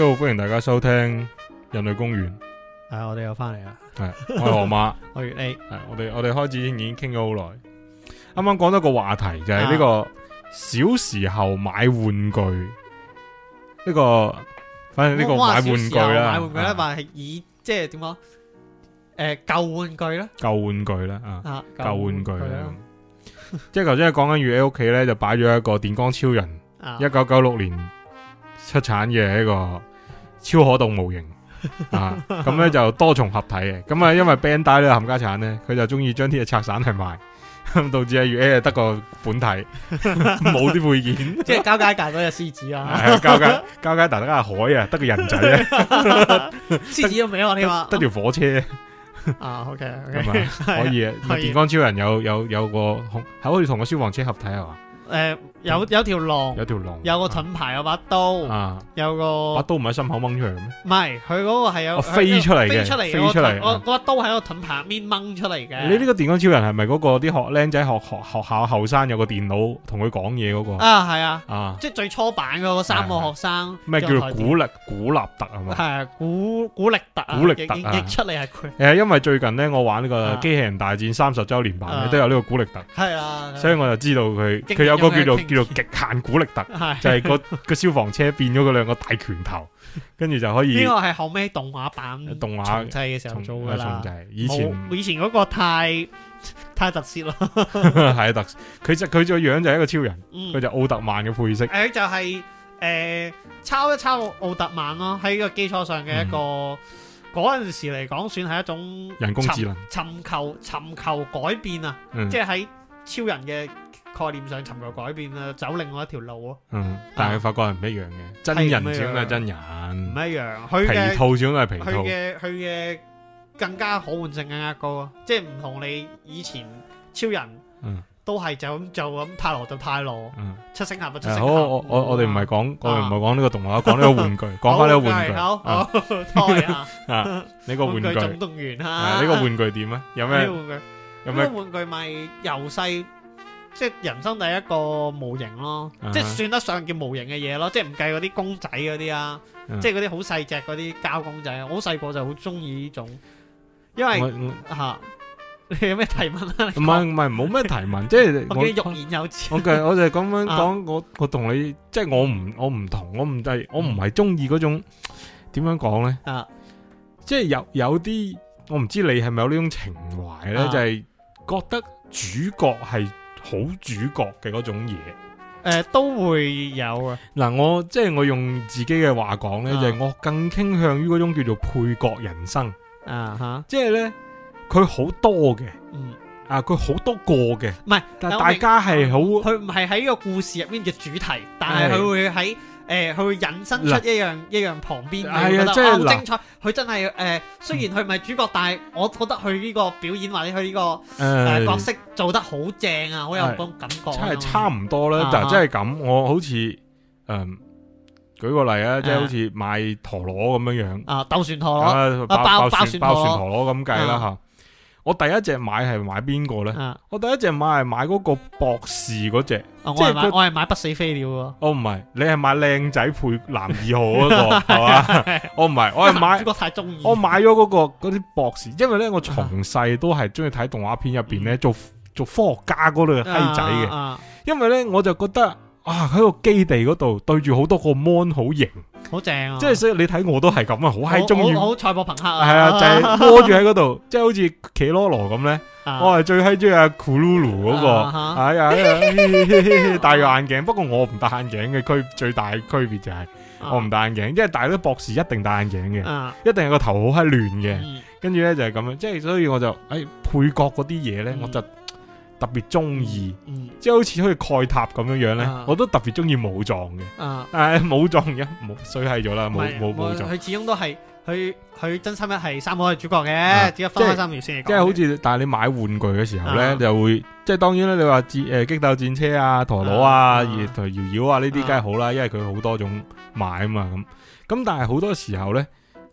好歡迎大家收聽人類公園。係、啊，我哋又翻嚟啦。係，我係河馬，我係 A。係，我哋我哋開始已經傾咗好耐。啱啱講咗個話題就係、是、呢個小時候買玩具。呢、啊這個，反正呢個買玩具啦，買玩具啦，或者係以即係點講？誒，舊玩具啦，舊、就是呃、玩具啦，啊，舊、啊、玩具啦。即係頭先喺講緊 A 屋企咧，就擺咗一個電光超人，一九九六年。出產嘅一個超可動模型 啊，咁咧就多重合體嘅，咁啊因為 Bandai 咧冚家鏟咧，佢就中意將啲嘢拆散嚟賣，導致啊如 A 得個本體，冇啲配件，即係交、啊啊、交，交界大嗰隻獅子咯，交界交界大得個海啊，得個人仔，獅子都名我你話得條火車 啊，OK OK 可以， 啊、可以電光超人有有有個喺可以同個消防車合體啊嘛，誒。呃有有條龍，有條龍，有個盾牌，啊、有把刀，啊、有個、啊、把刀唔係心口掹出嚟嘅咩？唔係，佢嗰個係有、啊、飛出嚟嘅，飛出嚟、那個，飛出嚟。我、那、把、個啊那個、刀喺個盾牌面掹出嚟嘅。你呢個電光超人係咪嗰個啲學僆仔學學學校後生有個電腦同佢講嘢嗰、那個啊啊啊就是、個,個啊？係啊，即係最初版嘅嗰三個學生。咩叫做古力古,立特、啊、古,古力特啊？係啊，古古力特，古力特，譯出嚟係佢。誒，因為最近咧，我玩呢個機器人大戰三十週年版咧，都有呢個古力特，係啊，所以我就知道佢佢有個叫做。叫極限古力特，就係、是那個消防車變咗個兩個大拳頭，跟 住就可以。呢個係後尾動畫版動畫製嘅時候做嘅啦。以前以前嗰個太、哦、太特色咯，係 特色。佢就佢個樣就係一個超人，佢、嗯、就奧特曼嘅配色。誒、呃、就係、是、誒、呃、抄一抄奧特曼咯，喺個基礎上嘅一個嗰陣、嗯、時嚟講，算係一種人工智能。尋求尋求改變啊，嗯、即係喺超人嘅。概念上尋求改變啊，走另外一條路咯。嗯，但係佢發覺係唔一樣嘅，真人始終係真人，唔一樣。佢皮套始終係皮套。佢嘅佢嘅更加可換性更加高啊！即係唔同你以前超人，嗯，都係就咁做咁，泰羅就泰羅，嗯，七星俠就七星俠。好，我我我哋唔係講，我哋唔係講呢個動畫，講呢個玩具，講翻呢個玩具。好，開啊！啊，呢個玩具總動員啊，呢個玩具點啊？有咩？有咩玩具？有咩玩具咪由細。即係人生第一個模型咯，uh -huh. 即係算得上叫模型嘅嘢咯，即係唔計嗰啲公仔嗰啲啊，uh -huh. 即係嗰啲好細隻嗰啲膠公仔，啊。我好細個就好中意呢種，因為吓、啊、你有咩提問啊？唔係唔係冇咩提問， 即係我，我欲言又止、okay, uh -huh.。我就我就咁樣講，我我同你即係我唔我唔同，我唔係我唔係中意嗰種點樣講咧？啊、uh -huh.，即係有是是有啲我唔知你係咪有呢種情懷咧，uh -huh. 就係覺得主角係好主角嘅嗰種嘢、呃，誒都會有的啊！嗱，我即係我用自己嘅話講咧，啊、就係我更傾向於嗰種叫做配角人生啊嚇！即係咧，佢好多嘅，嗯啊，佢好多個嘅，唔係，但係大家係好，佢唔係喺呢個故事入面嘅主題，但係佢會喺。誒、欸，佢會引申出一樣一樣旁邊，係、哎、啊，即好、就是、精彩。佢真係誒，雖然佢唔係主角，嗯、但係我覺得佢呢個表演、嗯、或者佢呢、這個誒、哎呃、角色做得好正啊，好、哎、有嗰種感覺。真係差唔多啦，嗱、啊，真係咁，我好似誒、嗯、舉個例子啊，即、就、係、是、好似賣陀螺咁樣樣啊，鬥旋陀螺啊，包包包船包包旋陀螺咁計啦吓。啊我第一隻買係買邊個咧？我第一隻買係買嗰個博士嗰隻。啊、是即係、嗰個、我係買不死飛鳥咯。哦唔係，你係買靚仔配男二號嗰、嗰個係嘛？哦唔係，我係買、啊，我太中意，我買咗嗰、嗰個啲博士，因為咧我從細都係中意睇動畫片入邊咧做做科學家嗰類閪仔嘅、啊啊，因為咧我就覺得。啊！喺個基地嗰度對住好多個 mon 好型，好正啊！即係所以你睇我都係咁啊，好嗨中意，好賽博朋克啊！係啊，啊，就係拖住喺嗰度，即 係好似企囉囉咁咧。我係最嗨中意阿 Kururu 嗰個，係啊，哎、呀呀 戴個眼鏡、啊。不過我唔戴眼鏡嘅區最大區別就係、是啊、我唔戴眼鏡，因為大多數博士一定戴眼鏡嘅、啊，一定係個頭好嗨亂嘅。跟住咧就係咁樣，即係所以我就誒、哎、配角嗰啲嘢咧，我就。特別中意，即係好似好似蓋塔咁樣樣咧，啊，我都特別中意武藏嘅。誒、啊，武藏嘅，衰係咗啦，冇冇武藏。佢始終都係佢佢真心一係三個是主角嘅，啊，只係分開三個先即係好似，但係你買玩具嘅時候咧，啊，就會即係當然咧，你話誒、呃、激鬥戰車啊、陀螺、啊、而陀搖搖啊呢啲梗係好啦，啊，因為佢好多種買啊嘛咁。咁但係好多時候咧，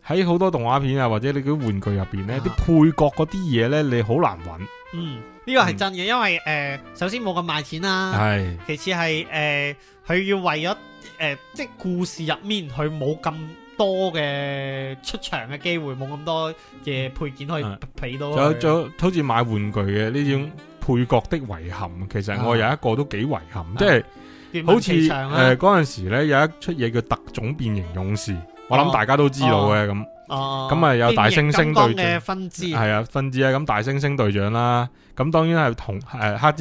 喺好多動畫片啊或者你嗰啲玩具入邊咧，啲、啊、配角嗰啲嘢咧，你好難揾。嗯。呢、這個係真嘅、嗯，因為誒、呃，首先冇咁賣錢啦，是其次係誒，佢、呃、要為咗誒、呃，即係故事入面佢冇咁多嘅出場嘅機會，冇咁多嘅配件可以俾、嗯、到、啊。就好似買玩具嘅呢種配角的遺憾、嗯，其實我有一個都幾遺憾，嗯、即係、啊、好似誒嗰陣時咧有一出嘢叫特種變形勇士，哦、我諗大家都知道嘅咁。哦，咁啊、哦、有大猩猩隊嘅分支係啊分支啊，咁大猩猩隊長啦。咁、嗯、當然係紅黑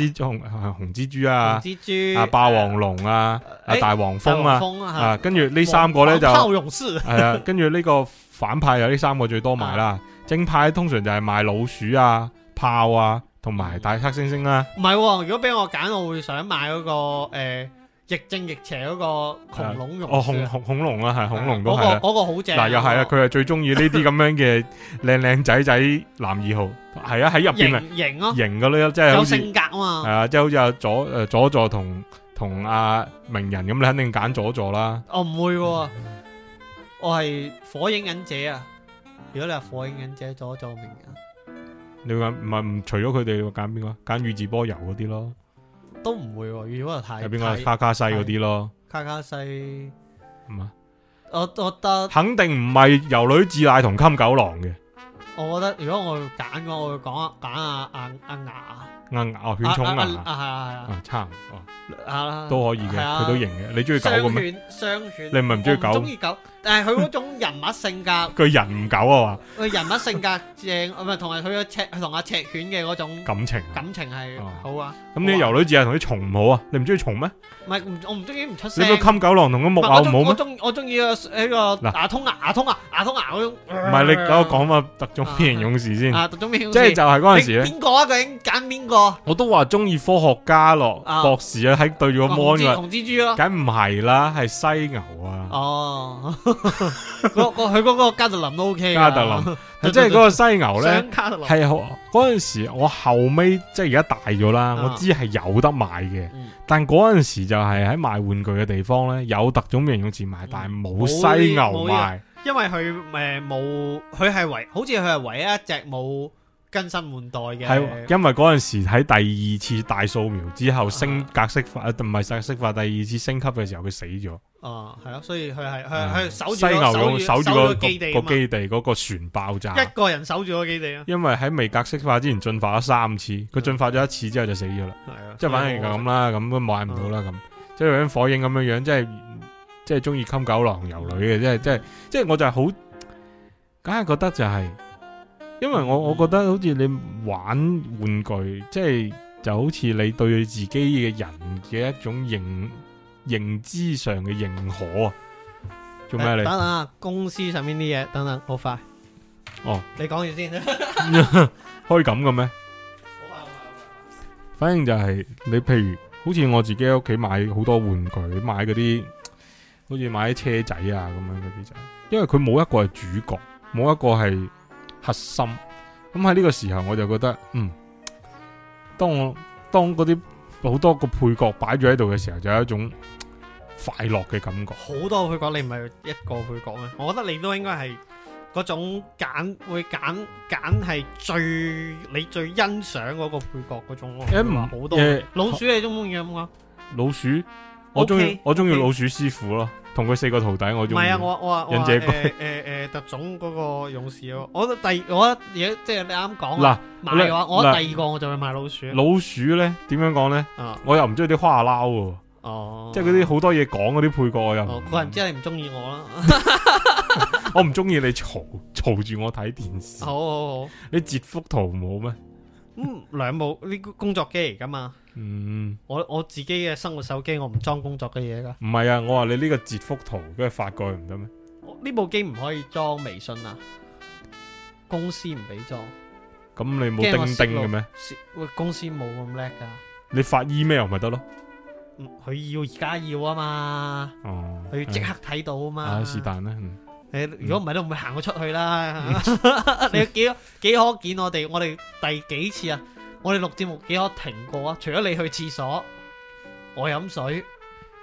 紅紅蜘蛛啊，蜘蛛啊，霸王龍啊，啊，啊，啊，啊，大黃蜂啊，啊，啊，啊，啊跟住呢三個咧就，就啊，啊跟住呢個反派有呢三個最多買啦，正、啊、派通常就係賣老鼠啊、豹啊同埋大黑猩猩、啊、啦。唔、啊、係，如果俾我揀，我會想買嗰、那個、欸亦正亦邪嗰個恐龍，哦恐恐恐龍啊，係恐龍嗰個，嗰個好正嗱，又係啊，佢係最中意，呢啲咁樣嘅靚靚仔仔男二號，係啊，喺入邊啊，型咯，型嗰啲即係有性格啊嘛，係啊，即係好似佐誒佐助同同阿鳴人咁，你肯定揀佐助啦。哦唔會，我係火影忍者啊！如果你話火影忍者，佐助鳴人，你唔係唔除咗佢哋，你會揀邊個？揀宇智波鼬嗰啲咯。都唔會喎，如果太有邊個卡卡西嗰啲咯？卡卡西，係嘛，我覺得肯定唔係由女自奶同襟狗狼嘅。我覺得如果我要揀嘅，我會講揀阿阿阿牙。阿牙，犬種啊，係啊係啊，差唔多，都可以嘅，佢都型嘅。你中意狗咁咩？雙犬，雙犬，你唔係唔中意狗？中意狗。但係佢嗰種人物性格，佢人唔狗啊嘛，佢人物性格正，唔係同埋佢個赤同阿赤犬嘅嗰種感情，感情係好啊。咁你油女字係同啲蟲好啊？你唔中意蟲咩？唔係，我唔中意唔出聲。你個禁狗狼同個木偶好咩？我中我中意個呢個牙通牙通啊牙通牙嗰種。唔係你等我講翻特種變形勇士先，即係就係嗰陣時咧。邊個啊？究竟揀邊個？我都話中意科學家咯，博士啊，喺對住個魔女。紅蜘蛛咯，梗唔係啦，係犀牛啊。哦。我佢嗰個，個加，加特林都 OK， 加特林即係嗰個犀牛咧，係啊。嗰陣時我後尾，即係而家大咗啦，我知係有得賣嘅、嗯，但嗰陣時就係喺賣玩具嘅地方咧，有特種兵用詞賣、嗯，但係冇犀牛賣，因為佢誒冇，佢係唯，好似佢係唯一一隻冇更新換代嘅。係、啊、因為嗰陣時喺第二次大掃描之後升格式化，唔係格式化，第二次升級嘅時候佢死咗。哦，係咯、啊，所以佢係佢佢守住、犀牛守住、那個、個基地，個船爆炸，一個人守住個基地啊！因為喺未格式化之前進化咗三次，佢、嗯、進化咗一次之後就死咗啦。即、嗯、係、就是、反正咁啦，咁、嗯、都買唔到啦，咁即係好似火影咁樣樣，即係即係中意禁狗狼游女嘅，即係即係即係我就係好，梗係覺得就係、是，因為我、嗯、我覺得好似你玩玩具，即、就、係、是、就好似你對自己嘅人嘅一種認。認知上嘅認可啊，做咩、啊、你？等等，公司上面啲嘢，等等，好快。哦，你講完先，可以咁嘅咩？反正就係、是、你，譬如好似我自己喺屋企買好多玩具，買嗰啲好似買啲車仔啊咁樣嗰啲就，因為佢冇一個係主角，冇一個係核心。咁喺呢個時候，我就覺得，嗯，當我當嗰啲好多個配角擺咗喺度嘅時候，就有一種。快樂嘅感覺，好多配角，你唔係一個配角咩？我覺得你都應該係嗰種揀會揀揀係最你最欣賞嗰個配角嗰種咯，好、嗯、多的、欸。老鼠、啊、你中唔中意啊？老鼠，我中意，okay, 我中意老鼠師傅咯，同、okay. 佢四個徒弟，我中意啊！我我忍者龜，誒誒、呃呃呃、特種嗰個勇士咯，我覺得第而家即係你啱講嗱，買嘅話我第二個我就會買老鼠，老鼠咧點樣講咧、啊？我又唔中意啲花下撈嘅。哦，即係嗰啲好多嘢講嗰啲配角又不、哦，我個人知你唔中意我咯， 我唔中意你嘈嘈住我睇電視。好好好，你截幅圖唔好咩？咁 兩、嗯、部呢工作機嚟噶嘛？嗯，我我自己嘅生活手機我唔裝工作嘅嘢噶。唔係啊，我話你呢個截幅圖跟住發過去唔得咩？呢、哦、部機唔可以裝微信啊？公司唔俾裝。咁、嗯、你冇釘釘嘅咩？喂、欸，公司冇咁叻噶。你發 email 咪得咯？佢要而家要啊嘛，佢要即刻睇到啊嘛。啊是但啦，你如果唔係都唔會行咗出去啦。你幾幾可見我哋？我哋第幾次啊？我哋錄節目幾可停過啊？除咗你去廁所，我飲水，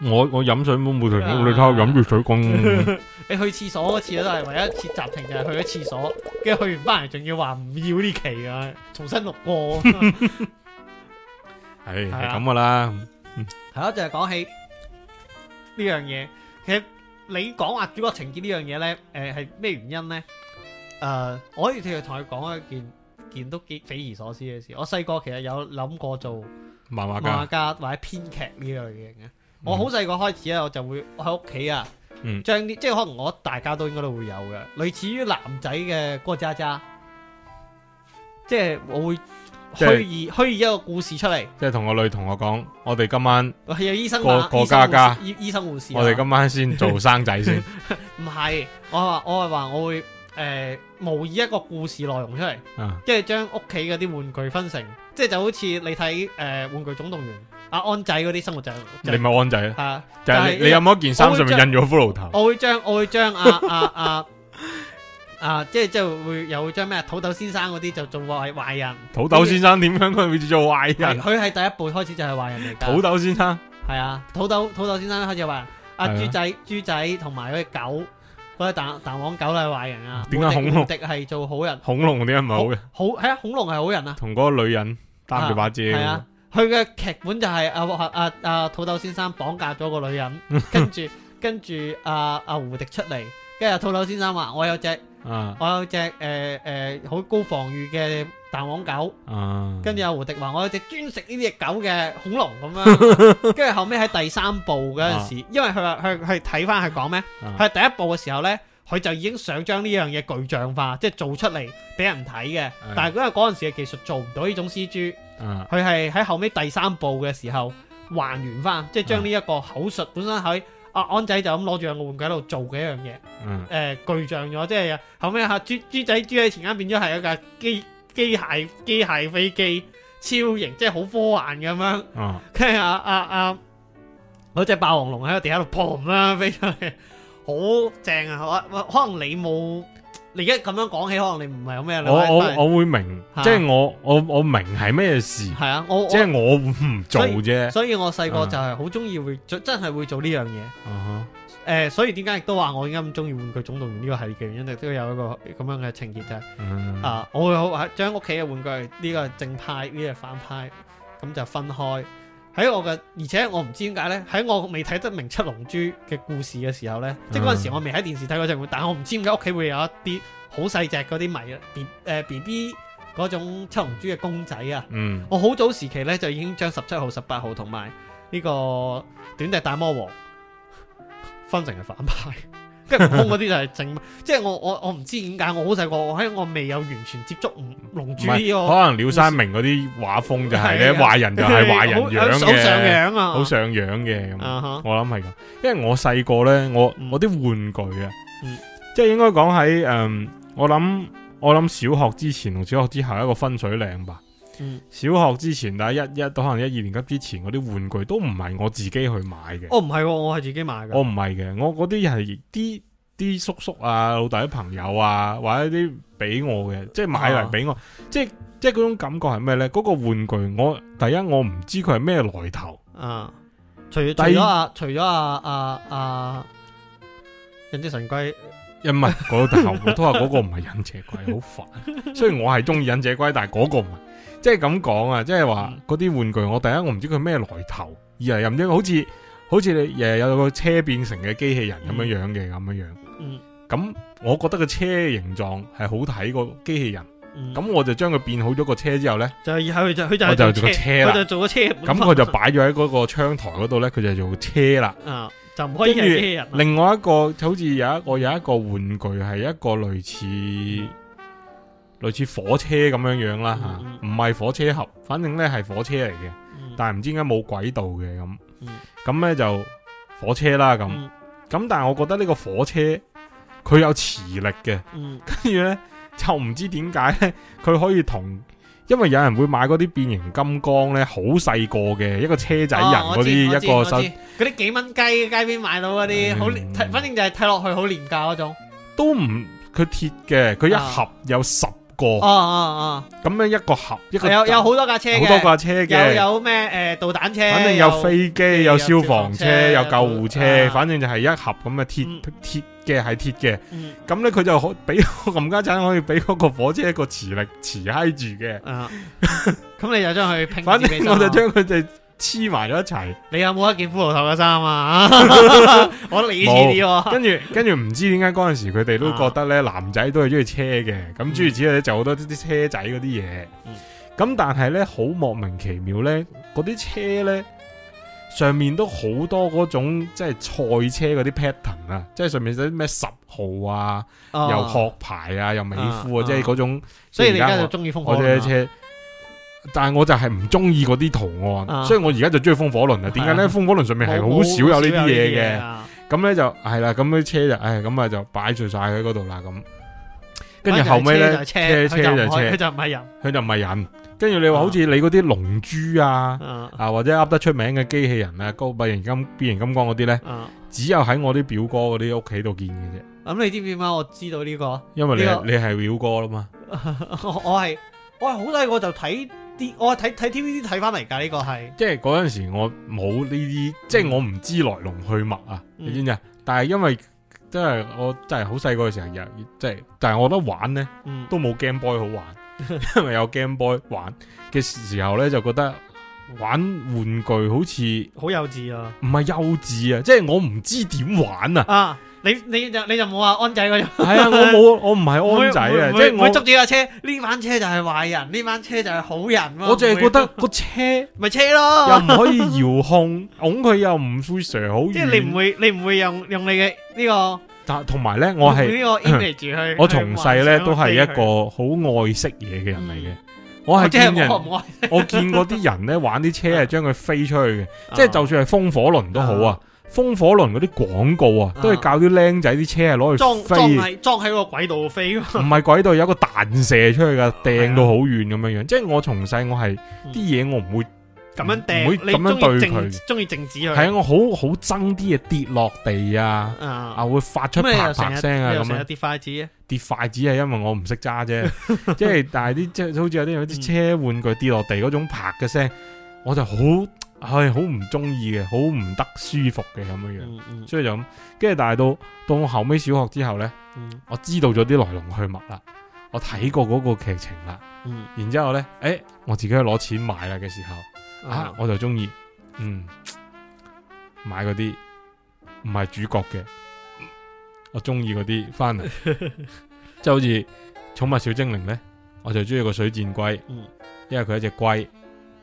我我飲水都冇停過。你睇我飲住水講。你去廁所嗰次都係唯一一次暫停，就係去咗廁所，跟住去完翻嚟，仲要話唔要呢期啊，重新錄過。係，係咁噶啦。係、嗯、咯、嗯嗯，就係、是、講起呢樣嘢，其實你講話主角情結呢樣嘢咧，誒係咩原因咧？誒、呃，我可以其實同你講一件件都幾匪夷所思嘅事。我細個其實有諗過做漫畫家、畫家或者編劇呢類嘅。我好細個開始咧，我就會喺屋企啊，將、嗯、啲即係可能我大家都應該都會有嘅，類似於男仔嘅哥渣渣，即係我會。虛擬虛擬一個故事出嚟，即係同個女同學講，我哋今晚有過過家家，醫生護家醫，醫生護士，我哋今晚先做生仔先。唔 係，我話我係話我會誒、呃、模擬一個故事內容出嚟，即係將屋企嗰啲玩具分成，即、就、係、是、就好似你睇誒、呃、玩具總動員阿、啊、安仔嗰啲生活仔、就是，你咪安仔啊？係啊，就係、是就是、你，你有冇一件衫上面印咗骷髏頭？我會將我會將阿阿阿。 啊啊啊，即係即係會又會將咩土豆先生嗰啲就做壞壞人。土豆先生點樣佢會做壞人？佢係 第一步開始就係壞人嚟噶。土豆先生係啊，土豆土豆先生開始人阿豬、啊啊、仔、豬仔同埋嗰隻狗，嗰、那、隻、個、蛋蛋黃狗都係壞人啊。胡迪胡迪係做好人，恐龍點解唔係好人？好係啊，恐龍係好人啊。同嗰個女人擔住把遮。係啊，佢嘅劇本就係阿啊啊，啊土豆先生綁架咗個女人， 跟住跟住阿阿胡迪出嚟，跟住土豆先生話我有隻。啊、我有隻誒誒好高防禦嘅蛋黃狗，跟住阿胡迪話我有隻專食呢隻狗嘅恐龍咁樣，跟 住後尾喺第三部嗰陣時候、啊，因為佢佢佢睇翻佢講咩？佢、啊、第一部嘅時候呢，佢就已經想將呢樣嘢具象化，即、就、係、是、做出嚟俾人睇嘅、啊。但係因為嗰陣時嘅技術做唔到呢種 CG，佢係喺後尾第三部嘅時候還原翻，即係將呢一個口述本身喺。阿、啊、安仔就咁攞住個玩具喺度做嘅一樣嘢，誒、嗯呃、巨象咗，即係後尾吓豬豬仔豬仔前間變咗係一架機機械機械飛機，超型即係好科幻咁樣，跟住阿啊啊，嗰、啊、隻霸王龍喺個地喺度嘭啦飛出去，好正啊！可能你冇？你而家咁樣講起，可能你唔係咁咩？我我我會明，即係、啊就是、我我我明係咩事。係啊，我即係、就是、我唔做啫。所以我細個就係好中意會、嗯、真係會做呢樣嘢。誒、uh -huh. 呃，所以點解亦都話我而家咁中意玩具總動員呢個系列嘅原因，亦都有一個咁樣嘅情結就係、是 uh -huh. 啊，我會將屋企嘅玩具呢、呢個正派呢、呢個反派咁就分開。喺我嘅，而且我唔知點解呢。喺我未睇得明七龍珠嘅故事嘅時候呢、嗯，即係嗰陣時我未喺電視睇嗰陣，但係我唔知點解屋企會有一啲好細隻嗰啲迷 B B B 嗰種七龍珠嘅公仔啊。嗯、我好早時期呢，就已經將十七號、十八號同埋呢個短笛大魔王分成係反派。跟住風嗰啲就係整，即係我我我唔知點解，我好細個，我喺我未有完全接觸龍珠呢，可能廖山明嗰啲畫風就係咧，壞人就係壞人樣嘅，好上樣啊，好上樣嘅，uh -huh、我諗係咁，因為我細個咧，我我啲玩具啊，uh -huh、即係應該講喺誒，我諗我諗小學之前同小學之後一個分水嶺吧。嗯、小學之前，大係一一都可能一二年級之前嗰啲玩具都唔係我自己去買嘅。哦，唔係、哦，我係自己買嘅。我唔係嘅，我嗰啲係啲啲叔叔啊、老豆啲朋友啊，或者啲俾我嘅，即係買嚟俾我。啊、即係即係嗰種感覺係咩呢？嗰、嗰個玩具我第一我唔知佢係咩來頭。啊，除除咗啊，啊，除咗啊啊啊龜忍者神龜，唔係嗰頭，我都話嗰個唔係忍者龜，好煩。雖然我係中意忍者龜，但係嗰個唔係。即係咁講啊，即係話嗰啲玩具，我第一我唔知佢咩來頭，二嚟又唔知，好似好似你誒有個車變成嘅機器人咁、嗯、樣樣嘅咁樣樣。咁、嗯、我覺得個車形狀係好睇過機器人。咁、嗯、我就將佢變好咗個車之後呢，就係以後就佢就做個車啦。佢就，就，就做個車。咁佢就擺咗喺嗰個窗台嗰度呢，佢就做車啦。啊，就唔可以係機器人。另外一個好似有一個有一個玩具係一個類似，類似火車咁樣樣啦吓，唔、嗯、係、啊、火車盒，反正呢係火車嚟嘅、嗯，但係唔知點解冇軌道嘅咁，咁、嗯、就火車啦咁，咁、嗯、但係我覺得呢個火車佢有磁力嘅，跟、嗯、住呢，就唔知點解呢佢可以同，因為有人會買嗰啲變形金剛呢，好細個嘅一個車仔人嗰啲，一個手，嗰啲幾蚊雞街、街邊買到嗰啲，好、嗯，反正就係睇落去好廉價嗰種，嗯、都唔，佢鐵嘅，佢一盒有十。個哦哦哦，咁、哦、樣、哦、一個盒，一個、啊、有有好多架車，好多架車嘅，有有咩誒、呃、導彈車，反正有飛機，有消防車，有，車、嗯、有救護車、啊，反正就係一盒咁嘅鐵鐵嘅係鐵嘅，咁咧佢就好俾冚家鏟可以俾嗰個火車一個磁力磁閪住嘅，咁你就將佢拼，嗯 嗯嗯嗯嗯、 反正我就將佢哋。黐埋咗一齊，你有冇一件骷髏頭嘅衫啊？ 我理智啲喎。跟住跟住唔知點解嗰陣時佢哋都覺得咧、啊、男仔都係中意車嘅，咁諸如此類咧就好多啲啲車仔嗰啲嘢。咁、嗯嗯、但係咧好莫名其妙咧，嗰啲車咧上面都好多嗰種即係賽車嗰啲 pattern 啊，即係上面寫啲咩十號啊，又、啊、殼牌啊，又美孚啊，啊啊即係嗰種。所以你而家就中意風車但係我就係唔中意嗰啲圖案、啊，所以我而家就中意風火輪啊！點解咧？風火輪上面係好少有呢啲嘢嘅，咁咧、啊、就係啦，咁啲車就，唉，咁啊就擺住晒喺嗰度啦，咁，跟住後尾咧，車車就車，佢就唔係人，佢就唔係人。跟、啊、住你話好似你嗰啲龍珠啊，啊，啊或者噏得出名嘅機器人呀、啊，高變形金變形金剛嗰啲咧，只有喺我啲表哥嗰啲屋企度見嘅啫。咁、嗯、你知唔知點解？我知道呢、這個，因為你、這個、你係表哥啦嘛 我係，係我係好細個就睇。啲、哦這個，我睇睇 TVB 睇翻嚟噶呢個係，嗯、即係嗰陣時我冇呢啲，即係我唔知來龍去脈啊，嗯、你知唔知啊？但係因為真係我真係好細個嘅時候又即係，但係我覺得玩咧、嗯、都冇 Game Boy 好玩，嗯、因為有 Game Boy 玩嘅 時候咧就覺得玩玩具好似好幼稚啊，唔係幼稚啊，即係我唔知點玩啊。啊你你就你就冇話安仔嗰種，係啊，我冇，我唔係安仔啊，即係、就是、我唔會捉住架車，呢班車就係壞人，呢班車就係好人、啊。我淨係覺得個車咪車咯，又唔可以遙控，拱 佢又唔會飛好遠。即、就、係、是、你唔會，你唔會用用你嘅呢、這個。但同埋咧，我係呢個 image 去。我從細咧都係一個好愛惜嘢嘅人嚟嘅、嗯，我係即係我唔愛惜。見嗰啲人咧玩啲車係將佢飛出去嘅，即、就、係、是、就算係風火輪都好啊。 風火輪嗰啲廣告啊，都係教啲僆仔啲車啊，攞去裝裝喺裝喺個軌道飛，唔係軌道，有一個彈射出去㗎，掟到好遠咁樣樣。即係我從細我係啲嘢，我唔會咁樣掟，唔會咁樣對佢，中意靜止佢。係啊，我好好憎啲嘢跌落地啊，啊，啊會發出啪啪聲啊咁樣。跌筷子啊！跌筷子係因為我唔識揸啫， 即係但係啲即係好似有啲有啲車玩具跌、嗯、落地嗰種啪嘅聲，我就好。係好唔中意嘅，好唔得舒服嘅咁樣樣、嗯嗯，所以就咁。跟住，但係到到我後尾小學之後呢、嗯，我知道咗啲來龍去脈啦，我睇過嗰個劇情啦、嗯。然之後呢誒、欸，我自己去攞錢買啦嘅時候、嗯，啊，我就中意，嗯，買嗰啲唔係主角嘅，我中意嗰啲翻嚟，即係 好似《寵物小精靈》呢，我就中意個水箭龜、嗯，因為佢一隻龜，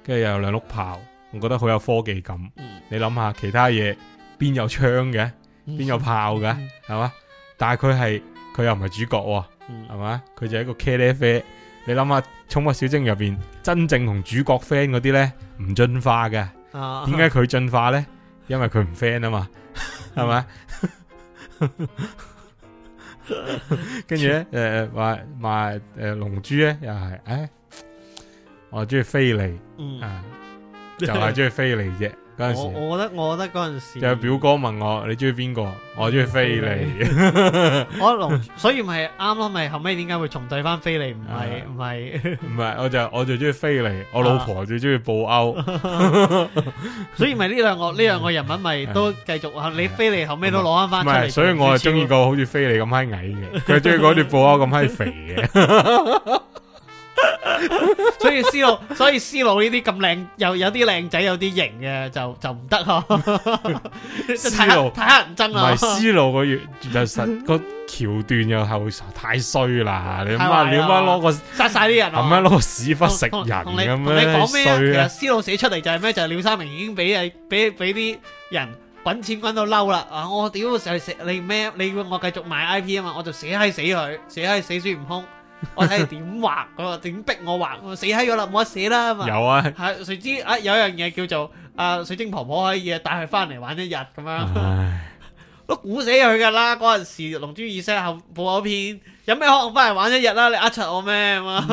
跟住又有兩碌炮。我覺得好有科技感。嗯、你諗下其他嘢邊有槍嘅，邊、嗯、有炮嘅係嘛？但係佢係佢又唔係主角、哦，係、嗯、嘛？佢就係一個茄喱啡。你諗下《寵物小精靈》入邊真正同主角 friend 嗰啲咧，唔進化嘅。點解佢進化咧？因為佢唔 friend 啊嘛，係、啊、咪？跟住咧，誒話話誒龍珠咧，又係誒、哎、我中意菲利、嗯、啊。 就係中意飛利啫，陣時我。我覺得我覺得嗰陣時。就表哥問我你中意邊個？我中意飛利。我 所以咪啱咯，咪後尾點解會重製翻飛利？唔係唔係。唔係，我就我最中意飛利，我老婆最中意布歐。 所以咪呢兩個呢兩 個人物咪都繼續啊！ 你飛利後尾都攞翻翻。唔係，所以我係中意個好似飛利咁閪矮嘅，佢中意嗰啲布歐咁閪肥嘅。 所以思路，所以思路呢啲咁靚，又有啲靚仔，有啲型嘅，就就唔得嗬。睇黑睇黑人憎啊！唔係思路， 思路嗰個月 就實個橋段又係太衰啦。你諗下，你諗攞個殺晒啲人，咁樣攞屎忽食人咁樣衰啊！其實思路寫出嚟就係咩？就係、廖三明已經俾俾俾啲人滾錢滾到嬲啦啊！我屌你咩？你，你，你我繼續買 I P 啊嘛，我就寫閪死佢，寫閪死孫悟空。我睇點畫，我話點逼我畫，我死閪咗啦，冇得死啦嘛！有啊，係誰知啊，有樣嘢叫做啊，水晶婆婆可以帶佢翻嚟玩一日咁樣，都估死佢噶啦！嗰陣時龍珠二世後部片，有咩可能翻嚟玩一日啦？你呃柒我咩啊？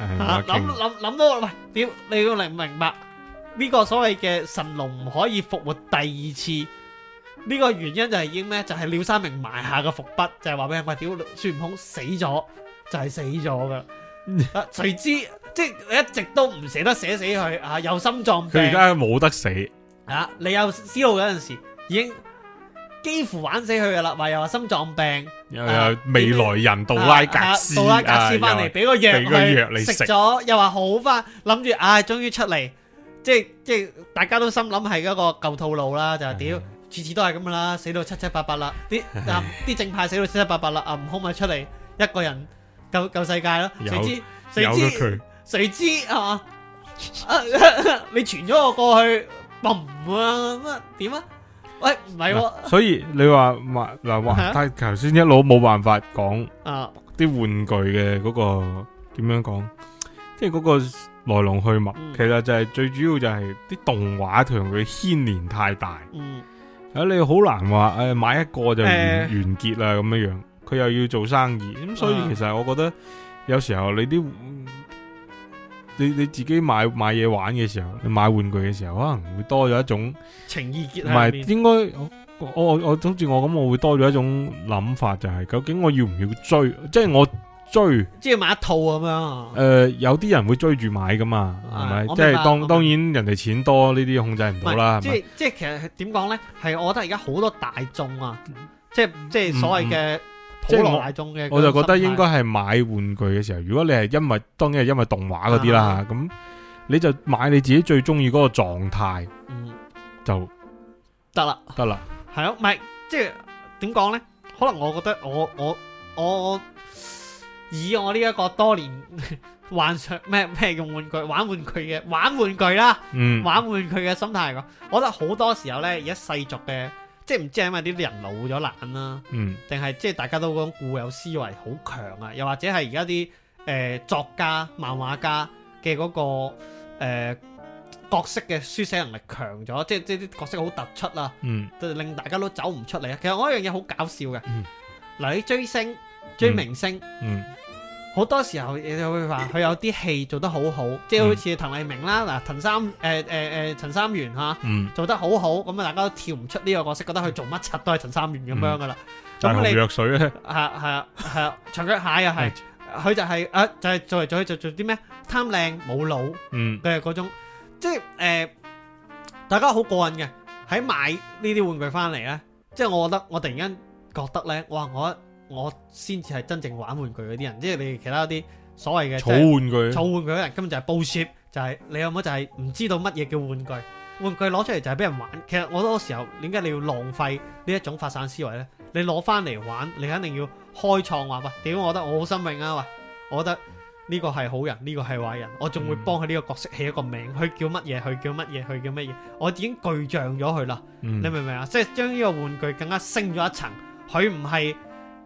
諗諗諗到喂，點你要明唔明白？呢個所謂嘅神龍唔可以復活第二次。呢個原因就係已經咩？就係廖三明埋下個伏筆，就係話俾人話屌孫悟空死咗，就係死咗噶。啊，誰知即係你一直都唔捨得寫死佢啊？有心臟病，佢而家冇得死啊！你有思路嗰陣時已經幾乎玩死佢噶啦，話又話心臟病，又又未來人杜拉格斯杜拉格斯翻嚟俾個藥佢，食咗又話好翻，諗住唉，終於出嚟，即係即係大家都心諗係一個舊套路啦，就係屌。次次都係咁噶啦，死到七七八八啦，啲啲、 啊、正派死到七七八八啦，阿、啊、悟空咪出嚟一個人救救世界咯。有知有咗佢，誰知啊，啊，啊，啊？你傳咗我過去，嘣啊，咁點啊？喂，唔係、啊啊，所以你話埋嗱，但係頭先一路冇辦法講啲、啊、玩具嘅嗰個點樣講，即係嗰個來龍去脈、嗯，其實就係最主要就係啲動畫同佢牽連太大。嗯誒，你好難話誒，買一個就完結啦咁樣樣，佢又要做生意，咁、嗯、所以其實我覺得有時候你啲、嗯、你你自己買買嘢玩嘅時候，你買玩具嘅時候，可能會多咗一種情意結，唔係應該我我我好似我咁，我會多咗一種諗法，就係究竟我要唔要追，即係我。追即係買一套咁樣，誒、呃，有啲人會追住買噶嘛，係咪？即係當當然人哋錢多呢啲控制唔到啦。即即係其實點講咧？係我覺得而家好多大眾啊，嗯、即係即係所謂嘅普羅大眾嘅。我就覺得應該係買玩具嘅時候，如果你係因為當然係因為動畫嗰啲啦，咁、啊、你就買你自己最中意嗰個狀態、嗯，就得啦，得啦，係咯，唔係即係點講咧？可能我覺得我我我。我以我呢一個多年幻想咩咩用玩具玩玩具嘅玩玩具啦，嗯、玩玩具嘅心態嚟講，我覺得好多時候呢，而家世俗嘅，即係唔知係咪啲人老咗懶啦，定、嗯、係即係大家都嗰固有思維好強啊？又或者係而家啲誒作家、漫畫家嘅嗰、那個誒、呃、角色嘅書寫能力強咗，即係即係啲角色好突出啦、啊，嗯、令大家都走唔出嚟啊！其實我一樣嘢好搞笑嘅，嗱、嗯、你追星、追明星。嗯嗯好多時候，你就會話佢有啲戲做得好好，即係好似滕麗明啦，嗱，陳三誒誒誒，陳三元嚇，做得好好，咁啊，大家都跳唔出呢個角色，覺得佢做乜柒都係陳三元咁樣噶啦。紅藥水咧，係啊係啊係啊，長腳蟹又係，佢就係啊就係做嚟做去就做啲咩貪靚冇腦嘅嗰種，即係誒，大家好過癮嘅喺買呢啲玩具翻嚟咧，即係我覺得我突然間覺得咧，哇我～我先至係真正玩玩具嗰啲人，即係你其他啲所謂嘅儲玩具、儲玩具嘅人，根本就係煲 shit，就係、是、你有冇就係唔知道乜嘢叫玩具？玩具攞出嚟就係俾人玩。其實我好多時候，點解你要浪費呢一種發散思維呢？你攞翻嚟玩，你肯定要開創話喂，屌、啊！我覺得我好生命啊，喂，我覺得呢個係好人，呢個係壞人，我仲會幫佢呢個角色起一個名，佢、嗯、叫乜嘢？佢叫乜嘢？佢叫乜嘢？我已經具象咗佢啦，你明唔明啊？嗯、即係將呢個玩具更加升咗一層，佢唔係。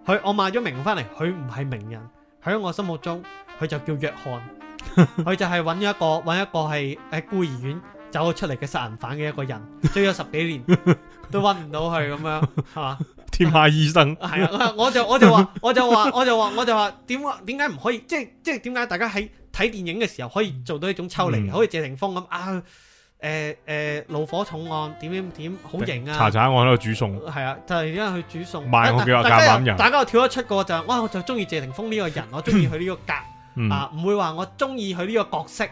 佢我買咗名翻嚟，佢唔係名人，喺我心目中佢就叫約翰，佢就係揾咗一個揾一個係誒孤兒院走出嚟嘅殺人犯嘅一個人，追咗十幾年都揾唔到佢咁樣，係 嘛？天下醫生係啊，我就我就話我就話我就話我就話點點解唔可以即係即係點解大家喺睇電影嘅時候可以做到一種抽離，好、嗯、似謝霆鋒咁啊？誒、呃、誒，怒、呃、火重案點點點好型啊！查查，案喺度煮餸。係啊，就係、是、因為佢煮餸。買我幾多假板人？大家我跳得出個就係，我就中意謝霆鋒呢個人， 我中意佢呢個格、嗯、啊，唔會話我中意佢呢個角色，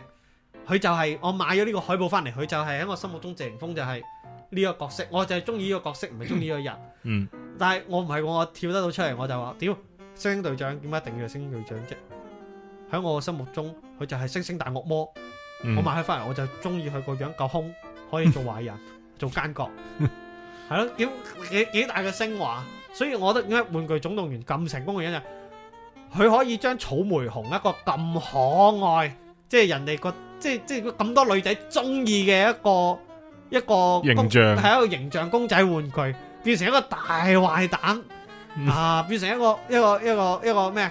佢就係、是、我買咗呢個海報翻嚟，佢就係喺我心目中謝霆鋒就係呢個角色，我就係中意呢個角色，唔係中意呢個人。嗯。但係我唔係我跳得到出嚟，我就話屌、嗯，星星隊長點解一定要係星星隊長啫？喺我心目中，佢就係星星大惡魔。我買佢翻嚟，我就中意佢個樣夠兇，可以做壞人， 做奸角，係 咯，幾幾幾大嘅昇華。所以我覺得點解《玩具總動員》咁成功嘅原因，佢可以將草莓熊一個咁可愛，即、就、係、是、人哋，就是就是、個，即係即係咁多女仔中意嘅一個一個形象，係一個形象公仔玩具，變成一個大壞蛋 啊！變成一個一個一個一個咩？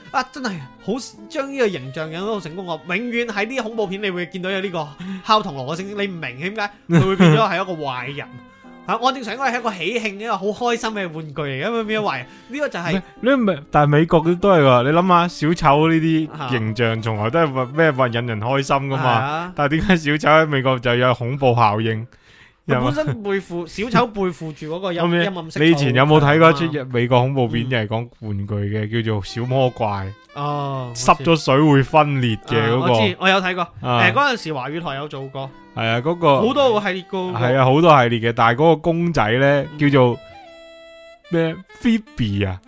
啊！真係好將呢個形象演得好成功，我永遠喺呢恐怖片，你會見到有呢個敲銅鑼嘅聲，你唔明點解佢會變咗係一個壞人、 啊、我正常應該係一個喜慶，一個好開心嘅玩具嚟，咁點解壞？呢、這個就係、是、但係美國都係噶，你諗下小丑呢啲形象從來都係咩引人開心噶嘛？啊、但係點解小丑喺美國就有恐怖效應？本身背負小丑背負住嗰個陰陰暗，你以前有冇睇過一出美國恐怖片，就係講玩具嘅，叫做小魔怪，哦，濕咗水會分裂嘅嗰個，我知我有睇過，誒嗰陣時華語台有做過，係啊嗰個好多系列個，係啊好多系列嘅，但係嗰個公仔咧叫做咩 Phoebe 啊。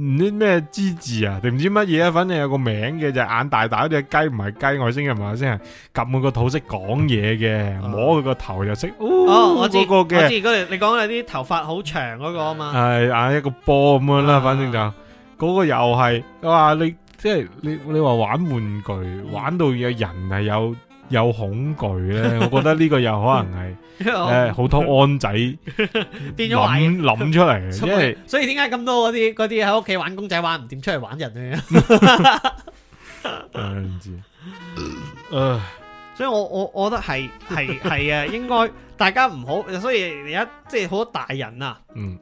唔知咩之字啊，定唔知乜嘢啊？反正有個名嘅就係、眼大大嗰隻雞唔係雞，外星人話先係，撳佢個肚識講嘢嘅，摸佢個頭就識、哦。哦，我知、嗰個，我知、嗰個、你講嗰啲頭髮好長嗰個啊嘛。係、哎，眼一個波咁樣啦，反正就嗰、啊嗰個又係，我話你即係你你話玩玩具玩到嘅人係有有恐懼咧，我覺得呢個又可能係誒好多安仔變咗諗諗出嚟嘅，因為所以點解咁多嗰啲嗰啲喺屋企玩公仔玩唔掂出嚟玩人咧？唔知，所以我我我覺得係係係啊，應該大家唔好。所以而家即係好多大人啊，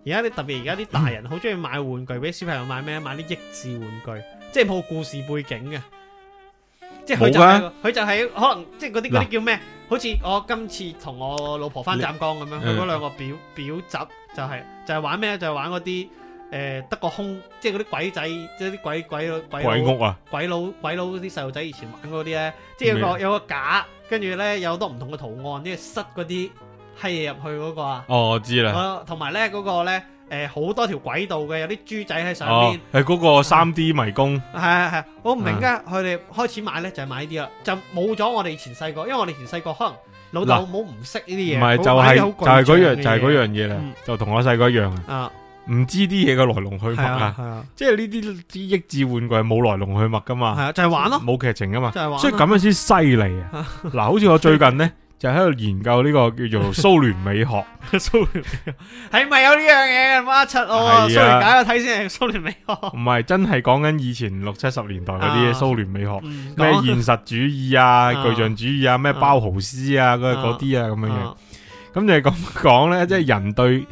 而家啲特別而家啲大人好中意買玩具俾小朋友買咩？買啲益智玩具，即係冇故事背景嘅。即係佢就係、是、佢、啊、就係、是、可能即係嗰啲啲叫咩？好似我今次同我老婆翻湛江咁樣，佢嗰兩個表表侄就係就係玩咩？就係、是、玩嗰啲誒得個空，即係嗰啲鬼仔，即係啲鬼鬼鬼，鬼屋啊，鬼佬鬼佬啲細路仔以前玩嗰啲咧，即係有個有個架，跟住咧有好多唔同嘅圖案，即、就、住、是、塞嗰啲閪嘢入去嗰個啊。哦，我知啦。同埋咧嗰個咧。誒、呃，好多條軌道嘅，有啲豬仔喺上邊。誒、啊，嗰個三 D 迷宮。係係係，我唔明㗎，佢哋、啊、開始買咧就係買呢啲啦，就冇、是、咗我哋以前細個，因為我哋以前細個可能老豆老母唔識呢啲嘢。唔係就係就係嗰樣就係嗰樣嘢啦，就同、是就是就是嗯、我細個一樣啊，唔知啲嘢嘅來龍去脈啊，啊，啊，啊，即係呢啲啲益智玩具冇來龍去脈噶嘛。係啊，就係、是、玩咯、啊，冇劇情噶嘛、就是玩啊，所以咁樣先犀利啊！嗱、啊，好似我最近咧。 就喺度研究呢個叫做蘇聯美學。蘇聯美學係咪有呢樣嘢？媽柒我蘇聯解咗體先，蘇聯美學唔係真係講緊以前六七十年代嗰啲嘢蘇聯美學，咩現實主義啊、具象主義啊、咩包豪斯啊嗰嗰啲啊咁樣樣。咁就係咁講咧，即係人對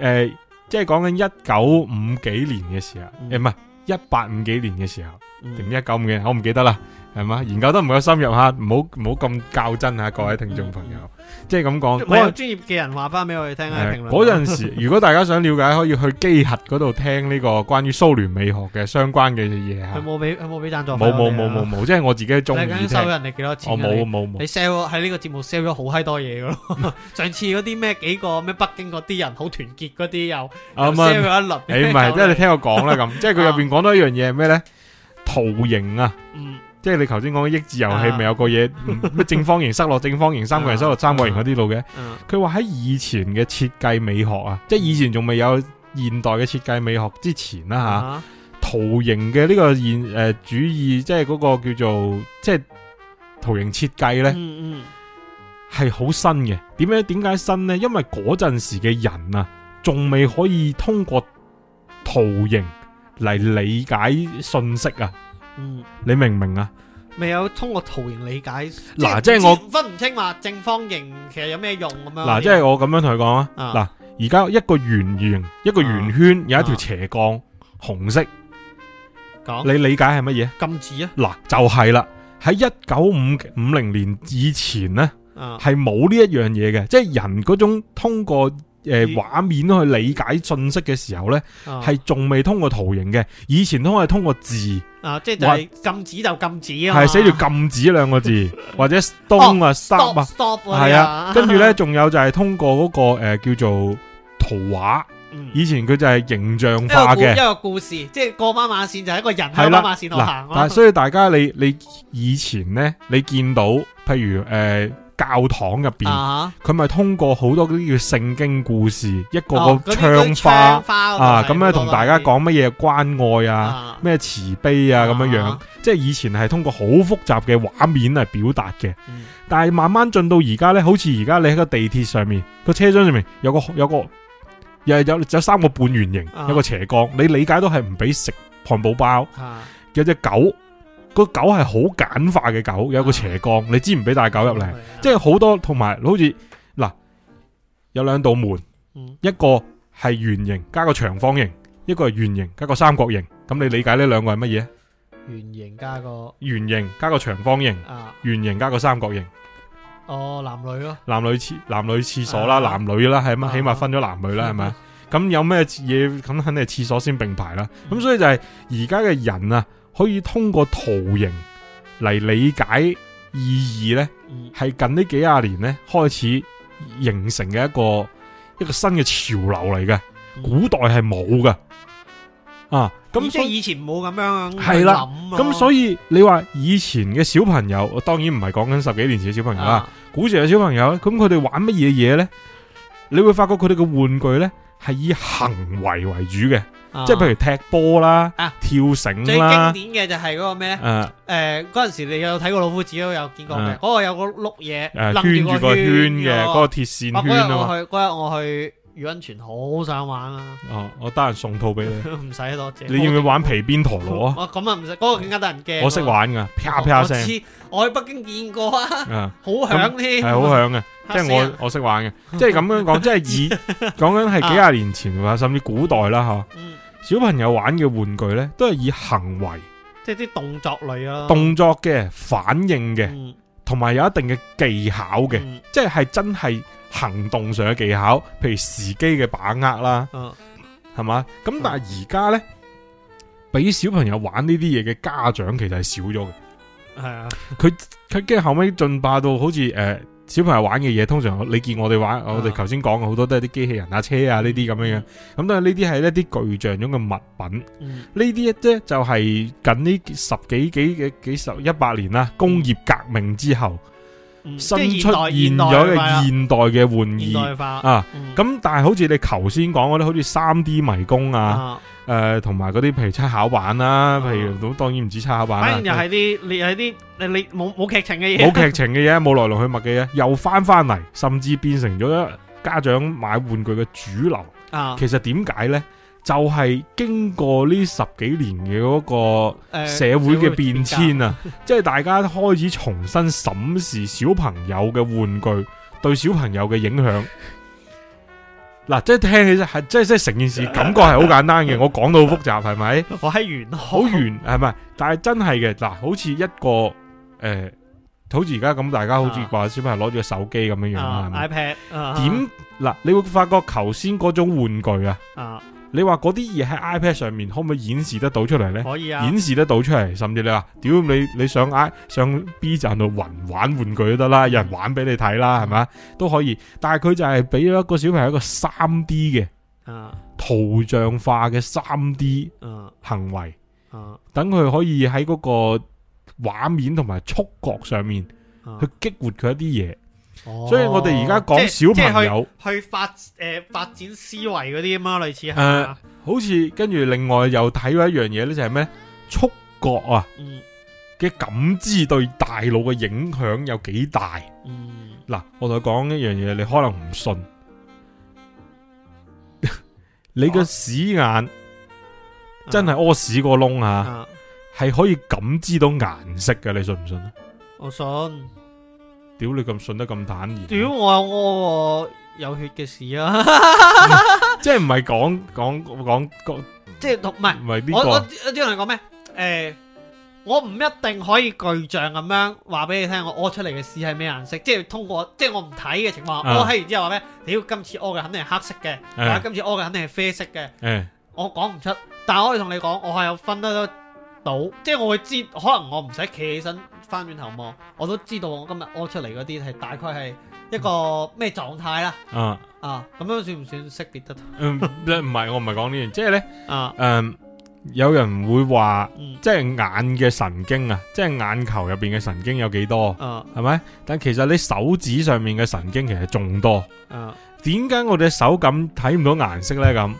誒，即係講緊一九五幾年嘅時候，誒唔係一八五幾年嘅時候，定一九五幾年？我唔記得啦。係嘛？研究得唔夠深入吓，唔好唔好咁較真吓，各位聽眾朋友，即係咁講。冇有專業嘅人話翻俾我哋聽嘅評論。嗰陣時，如果大家想了解，可以去機核嗰度聽呢個關於蘇聯美學嘅相關嘅嘢。佢冇俾佢冇俾贊助。冇冇冇冇冇，即係我自己中意。收人哋幾多錢啊？我冇冇。你 sell 喺呢個節目 sell 咗好閪多嘢噶咯。上次嗰啲咩幾個咩北京嗰啲人好團結嗰啲又 sell 佢一粒。誒唔係，即係你聽我講啦咁，即係佢入邊講多一樣嘢係咩咧？圖形啊。即、就、係、是、你頭先講益智遊戲，咪有個嘢正方形塞落 正方形，三角形塞落三角形嗰啲度嘅。佢話喺以前嘅設計美學啊，即 係以前仲未有現代嘅設計美學之前啦吓。 圖形嘅呢、這個現誒、呃、主義，即係嗰個叫做即係、就是、圖形設計呢，係 好新嘅。點樣？點解新呢？因為嗰陣時嘅人啊，仲未可以通過圖形嚟理解信息啊。嗯，你明唔明啊？未有通過圖形理解嗱，即係、啊就是、我不分唔清話正方形其實有咩用咁、啊就是、樣嗱、啊，即係我咁樣同佢講啊嗱，而、啊、家一個圓形，一個圓圈有一條斜槓、啊、紅色、啊，你理解係乜嘢禁止啊？嗱、就是，就係啦，喺一九五五零年以前呢，係冇呢一樣嘢嘅，即係人嗰種通過。誒、呃，畫面去理解信息嘅時候咧，係仲未通過圖形嘅，以前都係通過字啊，即係就係禁止就禁止，係寫住禁止兩個字， 或者東、哦、啊、三啊，係啊，跟住咧仲有就係通過嗰、那個誒、呃、叫做圖畫、嗯，以前佢就係形象化嘅一,一個故事，即係過斑馬,馬線就係一個人喺斑馬,馬線度、啊、行、啊，但係所以大家你你以前咧，你見到譬如誒。呃教堂入邊，佢、uh、咪 -huh. 通過好多啲叫聖經故事，uh -huh. 一個個窗花、uh -huh. 那些那些窗花啊，咁樣同大家講乜嘢關愛啊，咩、uh -huh. 慈悲啊咁、uh -huh. 樣樣，即係以前係通過好複雜嘅畫面嚟表達嘅。Uh -huh. 但係慢慢進到而家呢，好似而家你喺個地鐵上面，個車廂上面有個有個又有個有,有,有三個半圓形，uh -huh. 有個斜角。你理解都係唔俾食漢堡包，uh -huh. 有隻狗。那個狗係好簡化嘅狗，有個斜槓、啊，你知唔俾帶狗入嚟、嗯啊？即係好多同埋，好似嗱，有兩道門，嗯、一個係圓形加個長方形，一個係圓形加個三角形。咁你理解呢兩個係乜嘢？圓形加個圓形加個長方形，圓、啊、形加個三角形。哦，男女咯、啊，男女廁男女廁所啦、啊，男女啦，係咪、啊、起碼分咗男女啦？係、啊、咪？咁、啊、有咩嘢？咁肯定係廁所先並排啦。咁、嗯、所以就係而家嘅人啊。可以通過圖形嚟理解意義咧，係近呢幾廿年咧開始形成嘅一個一個新嘅潮流嚟嘅，嗯、古代係冇㗎，啊，咁即係以前冇咁樣去諗，係啦咁、啊、所以你話以前嘅小朋友，我當然唔係講緊十幾年前嘅小朋友啦，古時嘅小朋友，咁佢哋玩乜嘢嘢咧？你會發覺佢哋嘅玩具咧係以行為為主嘅。即係譬如踢波啦，啊，跳繩啦，最經典嘅就係嗰個咩誒，嗰、啊、陣、呃、時你有睇過《老夫子》都有見過嘅，嗰、啊，那個有個碌嘢、啊，圈住、那個圈嘅嗰個鐵線圈嗰、啊、日我去，嗰、啊、日我去御溫泉好想玩啊。啊我得閒送套俾你，唔、嗯、使多謝。你要唔要玩皮鞭陀螺啊？咁啊唔使，嗰、那個更加得人驚。我識玩噶，啪啪聲。我喺北京見過啊， 好響添，係好響嘅， 即係我我識玩嘅，即係咁樣講，即係以講緊係幾廿年前話，甚至古代啦吓。小朋友玩嘅玩具呢，都係以行為，即係啲動作嚟啊，動作嘅反應嘅，同埋有一定嘅技巧嘅，即係真係行動上嘅技巧，譬如時機嘅把握啦，係、啊、嘛？咁但係而家呢，俾小朋友玩呢啲嘢嘅家長其實係少咗嘅，係啊佢，佢佢驚後尾進化到好似誒。呃小朋友玩嘅嘢，通常你見我哋玩，啊、我哋頭先講嘅好多都係啲機器人啊、車啊呢啲咁樣樣，咁都係呢啲係一啲巨像中嘅物品。呢啲咧就係近呢十幾幾幾幾十一百年啦，工業革命之後。新出現咗嘅現代嘅玩意的、嗯、啊，咁但係好似你頭先講嗰啲，好似三 D 迷宮啊，誒、嗯啊呃，同埋嗰啲譬如七巧板啊，譬如咁、啊，如當然唔止七巧板啦，反正又係啲你係啲你你冇冇劇情嘅嘢，冇劇情嘅嘢，冇 來龍去脈嘅嘢，又翻翻嚟，甚至變成咗家長買玩具嘅主流、嗯、啊！其實點解咧？就係、是、經過呢十幾年嘅嗰個社會嘅變遷啊、呃，即係大家開始重新審視小朋友嘅玩具對小朋友嘅影響。嗱，即係聽起上係，即係成件事感覺係好簡單嘅。我講到好複雜係咪、嗯？我喺遠好遠係咪？但係真係嘅嗱，好似一個誒、呃，好似而家咁，大家好似話小朋友攞住個手機咁樣、啊是不是 iPad, 啊、樣 iPad 點嗱？你會發覺頭先嗰種玩具啊！啊你話嗰啲嘢喺 iPad 上面可唔可以演示得到出嚟呢？可以啊！演示得到出嚟，甚至你話，屌你你上 I 上 B 站度雲玩，玩玩具都得啦，有人玩俾你睇啦，係咪？都可以。但係佢就係俾咗一個小朋友一個三 D 嘅圖像化嘅三 D 行為，等佢可以喺嗰個畫面同埋觸覺上面去激活佢一啲嘢。所以我哋而家講小朋友去，去發誒、呃、發展思維嗰啲吖嘛，類似係、呃，好似跟住另外又睇過一樣嘢呢，就係咩觸覺啊，嘅、嗯、感知對大腦嘅影響有幾大？嗱、嗯，我同你講一樣嘢，你可能唔信，啊、 你嘅屎眼真係屙屎個窿啊，係、啊啊、可以感知到顏色嘅，你信唔信啊？我信。屌你咁信得咁坦然，屌我我，我有屙，有血嘅屎啊 即係唔係講講講講！即係唔係講講講講，即係唔係我我我同你講咩？誒，我唔、欸、一定可以具象咁樣話俾你聽，我屙出嚟嘅屎係咩顏色？即係通過即係我唔睇嘅情況，屙、啊、嘿完之後話咩？屌今次屙嘅肯定係黑色嘅，今次屙嘅肯定係、啊、啡色嘅。啊、我講唔出，但係我可以同你講，我係有分得。到即係我會知，可能我唔使企起身翻轉頭望，我都知道我今日屙出嚟嗰啲係大概係一個咩狀態啦。啊啊，咁樣算唔算識別得？唔、嗯、唔係我唔係講呢樣，即係咧，誒、啊呃，有人會話，即係眼嘅神經啊、嗯，即係眼球入邊嘅神經有幾多？啊，係咪？但其實你手指上面嘅神經其實仲多。啊，點解我哋手感睇唔到顏色咧？咁？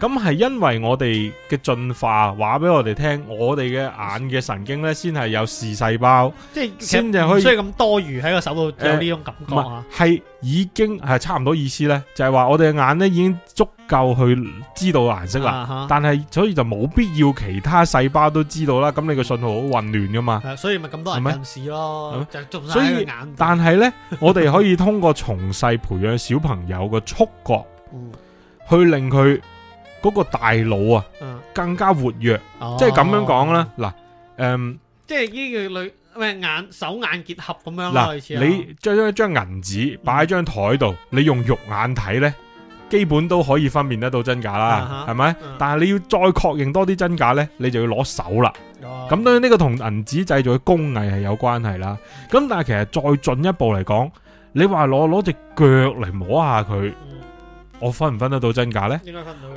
咁、嗯、係因為我哋嘅進化話俾我哋聽，我哋嘅眼嘅神經咧，先係有視細胞，即係先至可以咁多餘喺個手度有呢種感覺係係、呃啊、已經係差唔多意思咧，就係、是、話我哋嘅眼咧已經足夠去知道顏色啦、啊，但係所以就冇必要其他細胞都知道啦，咁你個信號好混亂噶嘛、啊，所以咪咁多人近視咯，就做晒眼。但係咧， 我哋可以通過從細培養小朋友嘅觸覺、嗯，去令佢。嗰、那個大腦啊，更加活躍、嗯就是嗯嗯，即係咁樣講啦。嗱，誒，即係呢個類咩眼手眼結合咁樣、啊。嗱，你將一張銀紙擺喺張台度，你用肉眼睇呢，基本都可以分辨得到真假啦，係、啊、咪、嗯？但係你要再確認多啲真假呢，你就要攞手、嗯、啦。咁當然呢個同銀紙製造嘅工藝係有關係啦。咁但係其實再進一步嚟講，你話攞攞隻腳嚟摸下佢。嗯我分唔分得到真假呢？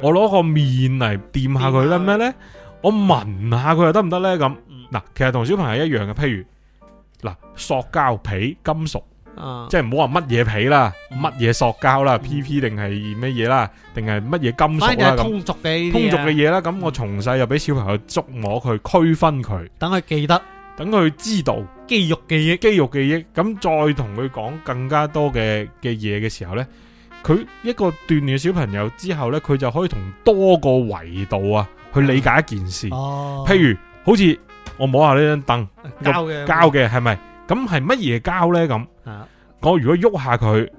我攞個面嚟掂下佢得咩呢？我聞下佢又得唔得呢？咁嗱，其實同小朋友一樣嘅，譬如塑膠皮、金屬，嗯、即係唔好話乜嘢皮啦，乜嘢塑膠啦，PP 定係乜嘢啦，定係乜嘢金屬啦，通俗嘅，通俗嘅嘢啦。咁、啊、我從細又俾小朋友捉摸佢，區分佢，等佢記得，等佢知道肌肉記憶、肌肉記憶。咁再同佢講更加多嘅嘅嘢嘅時候呢。佢一個鍛煉小朋友之後呢，佢就可以同多個維度啊去理解一件事。Uh. Oh. 譬如好似我摸下呢張凳，膠嘅，膠嘅係咪？咁係乜嘢膠呢？咁、uh.，我如果喐下佢，誒、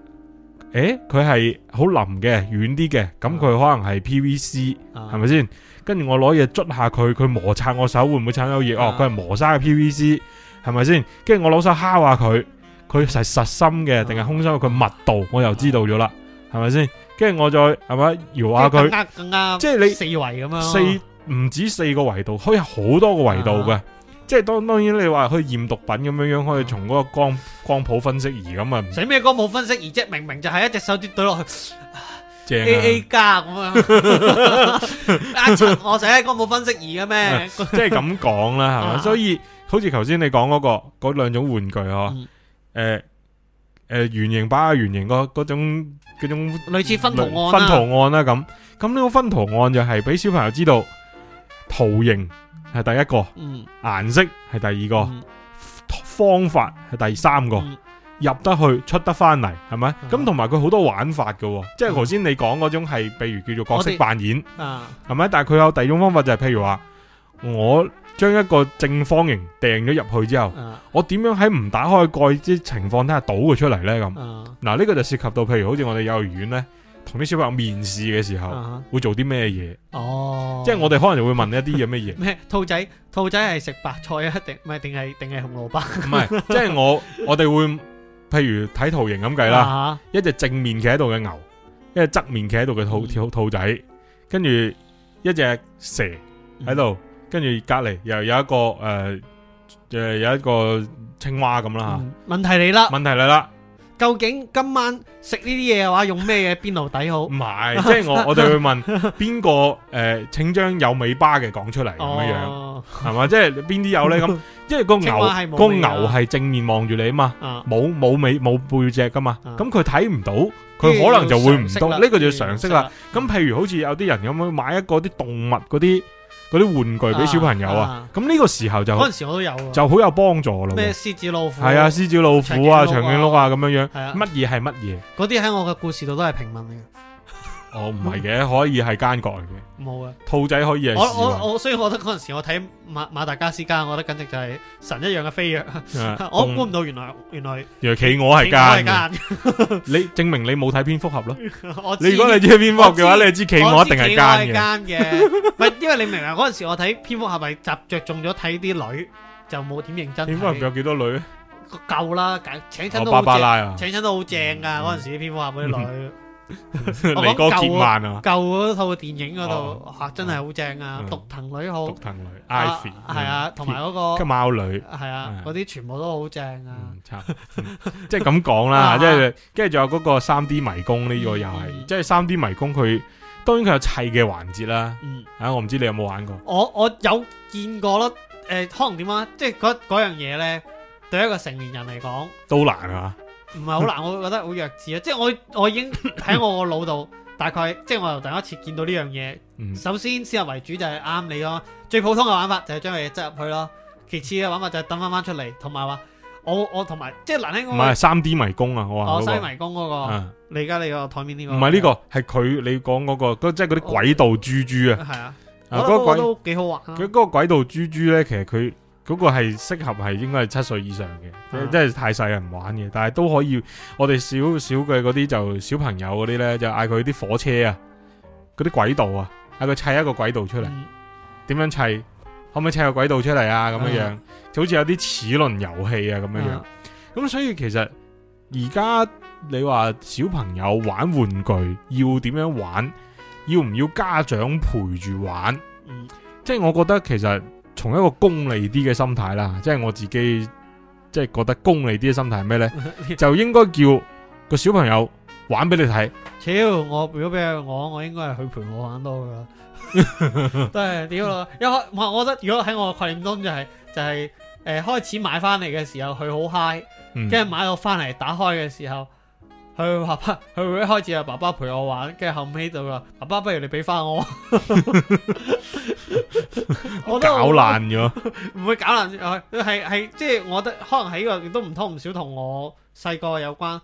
欸，佢係好腍嘅，軟啲嘅，咁佢可能係 PVC，係咪先？跟住我攞嘢捽下佢，佢摩擦我手會唔會產有熱？Uh. 哦，佢係磨砂嘅 PVC，係咪先？跟住我攞手敲下佢，佢係實心嘅定係空心？佢密度我又知道咗啦。係咪先？跟住我再係咪搖下佢，更啱。即係你四維咁樣，四唔止四個維度，可以好多個維度嘅。即係當當然，你話去驗毒品咁樣樣，可以從嗰個光光譜分析儀咁啊。唔使咩光譜分析儀啫？明明就係一隻手指懟落去，正 A A 加咁樣。我使咩光譜分析儀嘅咩？即係咁講啦，係嘛？所以好似頭先你講嗰個嗰兩種玩具嗬，誒。誒、呃，圓形擺下圓形嗰種嗰種類似分圖案分圖案啦、啊、咁，咁呢、那個分圖案就係俾小朋友知道圖形係第一個，顏、嗯、色係第二個，嗯、方法係第三個，嗯嗯、入得去出得翻嚟係咪？咁同埋佢好多玩法噶、哦嗯，即係頭先你講嗰種係，譬如叫做角色扮演，係咪、嗯？但係佢有第二種方法就係、是，譬如話我。將一個正方形掟咗入去之後，啊、我點樣喺唔打開蓋啲情況底下倒佢出嚟呢？咁、啊、嗱，呢、啊這個就涉及到譬如好似我哋幼兒園呢，同啲小朋友面試嘅時候、啊、會做啲咩嘢？哦，即係我哋可能就會問一啲嘢咩嘢？咩兔仔？兔仔係食白菜 啊？定係？定係定係紅蘿蔔？唔係，即係我我哋會譬如睇圖形咁計啦，一隻正面企喺度嘅牛，一隻側面企喺度嘅兔、嗯、兔仔，跟住一隻蛇喺度。嗯跟住隔籬又有一個誒誒有一個青蛙咁啦吓，問題嚟啦，問題嚟啦，究竟今晚食呢啲嘢嘅話用咩嘢邊爐底好？唔係，即係我我哋會問邊個誒，請將有尾巴嘅講出嚟咁樣樣，係嘛？即係邊啲有咧？咁因為個牛個牛係正面望住你啊嘛，冇冇尾冇背脊噶嘛，咁佢睇唔到，佢可能就會唔到，呢個就要常識啦。咁譬如好似有啲人咁樣買一個啲動物嗰啲。嗰啲玩具俾小朋友啊，咁、啊、呢、啊、個時候就嗰陣時我都有，就好有幫助咯。咩獅子老虎係啊，獅子老虎啊，長頸鹿啊，咁樣、啊、樣，乜嘢係乜嘢？嗰啲喺我嘅故事度都係平民嚟嘅。我唔係嘅，可以係奸角嚟嘅。冇啊，兔仔可以係。我我我，所以我覺得嗰陣時我睇馬馬達加斯加，我覺得簡直就係神一樣嘅飛躍。我估唔到原來原來。原來企鵝係奸嘅。你證明你冇睇蝙蝠俠咯？我你如果你知蝙蝠俠嘅話，你知企鵝一定係奸嘅。唔係，因為你明白嗰陣時我睇蝙蝠俠咪集着重咗睇啲女，就冇點認真。蝙蝠俠有幾多女？夠啦，請請親都好正。請親都好正噶，嗰陣時蝙蝠俠嗰啲女。你嗰舊啊，舊嗰套電影嗰度吓真係好正啊。嗯，毒藤女好毒藤女，Ivy 係啊，同埋嗰個貓女，係啊，嗰啲，啊、全部都好正啊。嗯，即係咁講啦，即係跟住仲有嗰個三 D 迷宮呢個又係，即係三 D 迷宮佢當然佢有砌嘅環節啦，啊，我唔知你有冇玩過，我我有見過咯，誒、呃，可能點啊，即係嗰樣嘢咧，對一個成年人嚟講都難啊。唔係好難，我覺得好弱智啊！ 即係我我已經喺我個腦度大， 大概，即係我由第一次見到呢樣嘢。首先先入為主就係、是、啱你咯，最普通嘅玩法就係將佢擠入去咯。其次嘅玩法就係等翻翻出嚟，同埋話我我同埋即係難聽講。唔係三 D 迷宮啊！我話、那個、哦，三 D 迷宮嗰、那個，啊、你而家你個台面呢個、那個？唔係呢個，係佢你講嗰、那個，即係嗰啲軌道豬豬、哦、啊！係、那、啊、個，嗰、那個都幾好玩。佢嗰個軌道豬豬咧，其實佢。嗰、那個係適合係應該係七歲以上嘅，即、嗯、係太細人玩嘅。但係都可以，我哋小小嘅嗰啲就小朋友嗰啲呢，就嗌佢啲火車啊，嗰啲軌道啊，嗌佢砌一個軌道出嚟，點、嗯、樣砌？可唔可以砌個軌道出嚟啊？咁樣樣、嗯、就好似有啲齒輪遊戲啊咁樣樣。咁、嗯、所以其實而家你話小朋友玩玩具要點樣玩？要唔要家長陪住玩？嗯、即係我覺得其實。從一個功利啲嘅心態啦，即係我自己，即係覺得功利啲嘅心態係咩咧？就應該叫個小朋友玩俾你睇。超我如果俾我，我應該係佢陪我玩多噶啦，都係屌咯。一開我我覺得，如果喺我嘅概念中就係、是、就係、是、誒、呃、開始買翻嚟嘅時候佢好嗨，跟住買到翻嚟打開嘅時候。佢爸爸，佢一開始啊，爸爸陪我玩，跟住後尾就話：爸爸，不如你俾翻我，搞爛咗？唔會搞爛。佢係係即係，我覺得可能喺呢個都唔多唔少同我細個有關。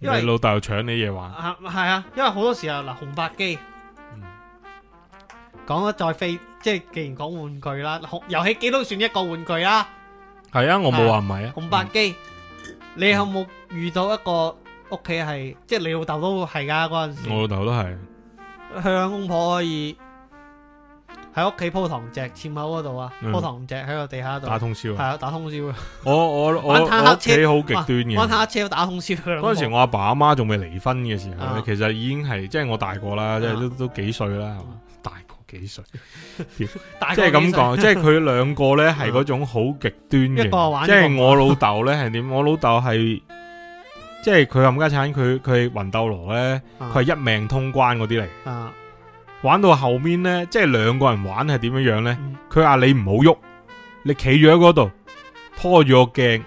因為老豆搶你嘢玩，係啊，因為好多時候嗱，紅白機講得再飛，即係既然講玩具啦，遊戲機都算一個玩具啊。係啊，我冇話唔係啊。紅白機，你有冇遇到一個？屋企係，即係你老豆都係噶嗰陣時。我老豆都係，佢兩公婆可以喺屋企鋪糖蔗，踭口嗰度啊，鋪糖蔗喺個地下度。打通宵、啊，係啊，打通宵、啊。我我我我屋企好極端嘅，玩坦克車都、啊、打通宵、啊。嗰陣時我阿爸阿媽仲未離婚嘅時候、啊、其實已經係即係我大個啦、啊，即係都都幾歲啦係嘛？大過幾歲？ 大即係咁講，即係佢兩個咧係嗰種好極端嘅，即係、啊、我老豆咧係點？我老豆係。即係佢冚家鏟，佢佢係魂斗羅咧，佢係、啊、一命通關嗰啲嚟。玩到後面咧，即係兩個人玩係點樣樣咧？佢、嗯、話你唔好喐，你企住喺嗰度拖住個鏡，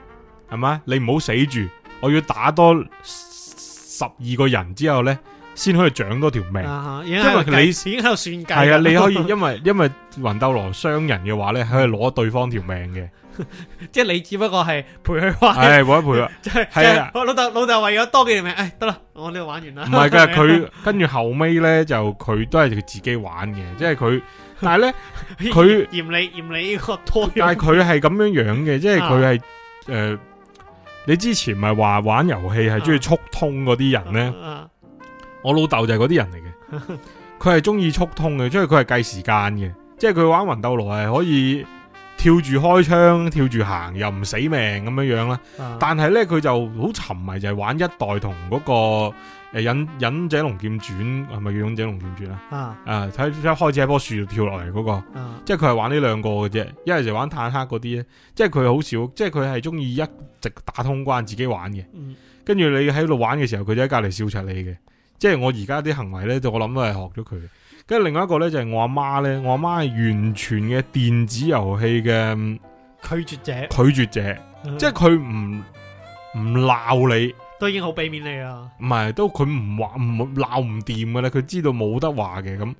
係咪？你唔好死住，我要打多十二個人之後咧，先可以長多條命、啊。因為你已經喺度算計，係啊，你可以因為 因為魂斗羅傷人嘅話咧，係可以攞對方條命嘅。 即係你只不過係陪佢玩的，係冇得陪佢，即係係啊！老豆老豆為咗多幾條命，誒、哎，得啦，我呢度玩完啦。唔係，佢 佢跟住後屘咧，就佢都係佢自己玩嘅，即係佢。但係咧，佢嫌你嫌你個拖，但係佢係咁樣樣嘅，即係佢係誒，你之前咪話玩遊戲係中意速通嗰啲人咧？啊、我老豆就係嗰啲人嚟嘅，佢係中意速通嘅，即係佢係計時間嘅，即係佢玩魂斗羅係可以。跳住開槍，跳住行，又唔死命咁樣樣啦。啊、但係咧，佢就好沉迷，就係、是、玩一代同嗰、那個誒《忍忍者龍劍傳》，係咪叫《忍者龍劍傳》啊？是是啊，睇、啊、一、啊、開始喺樖樹跳落嚟嗰個，啊、即係佢係玩呢兩個嘅啫。一係就玩坦克嗰啲咧，即係佢好少，即係佢係中意一直打通關自己玩嘅。跟、嗯、住你喺度玩嘅時候，佢就喺隔籬笑柒你嘅。即係我而家啲行為咧，就我諗都係學咗佢。跟住另外一個咧就係我阿媽咧，我阿媽係完全嘅電子遊戲嘅拒絕者，拒絕者，嗯、即係佢唔唔鬧你，都已經好俾面你啊。唔係，都佢唔話唔鬧唔掂噶啦，佢知道冇得話嘅咁。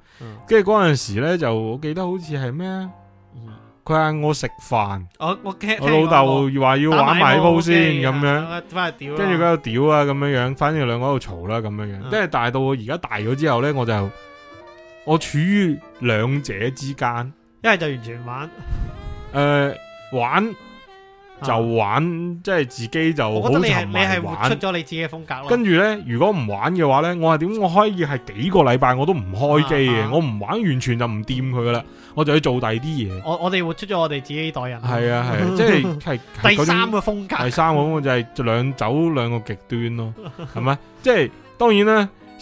跟住嗰陣時咧就我記得好似係咩，佢、嗯、嗌我食飯，我我，我老豆話要玩埋鋪先咁、okay, 樣，跟住佢又屌啊咁樣樣，反正兩個喺度嘈啦咁樣樣。跟、嗯、住大到我而家大咗之後咧，我就。我處於兩者之間，一係就完全玩、呃、玩，誒玩就玩，啊、即係自己就好沉迷玩。你係活出咗你自己嘅風格咯。跟住咧，如果唔玩嘅話咧，我係點？我可以係幾個禮拜我都唔開機嘅、啊啊，我唔玩，完全就唔掂佢噶啦，我就要做第二啲嘢。我我哋活出咗我哋自己的代人。係啊係、啊，即係係第三個風格。第三個風格是個就係、是、兩走兩個極端咯，係、啊、咪？即係當然咧。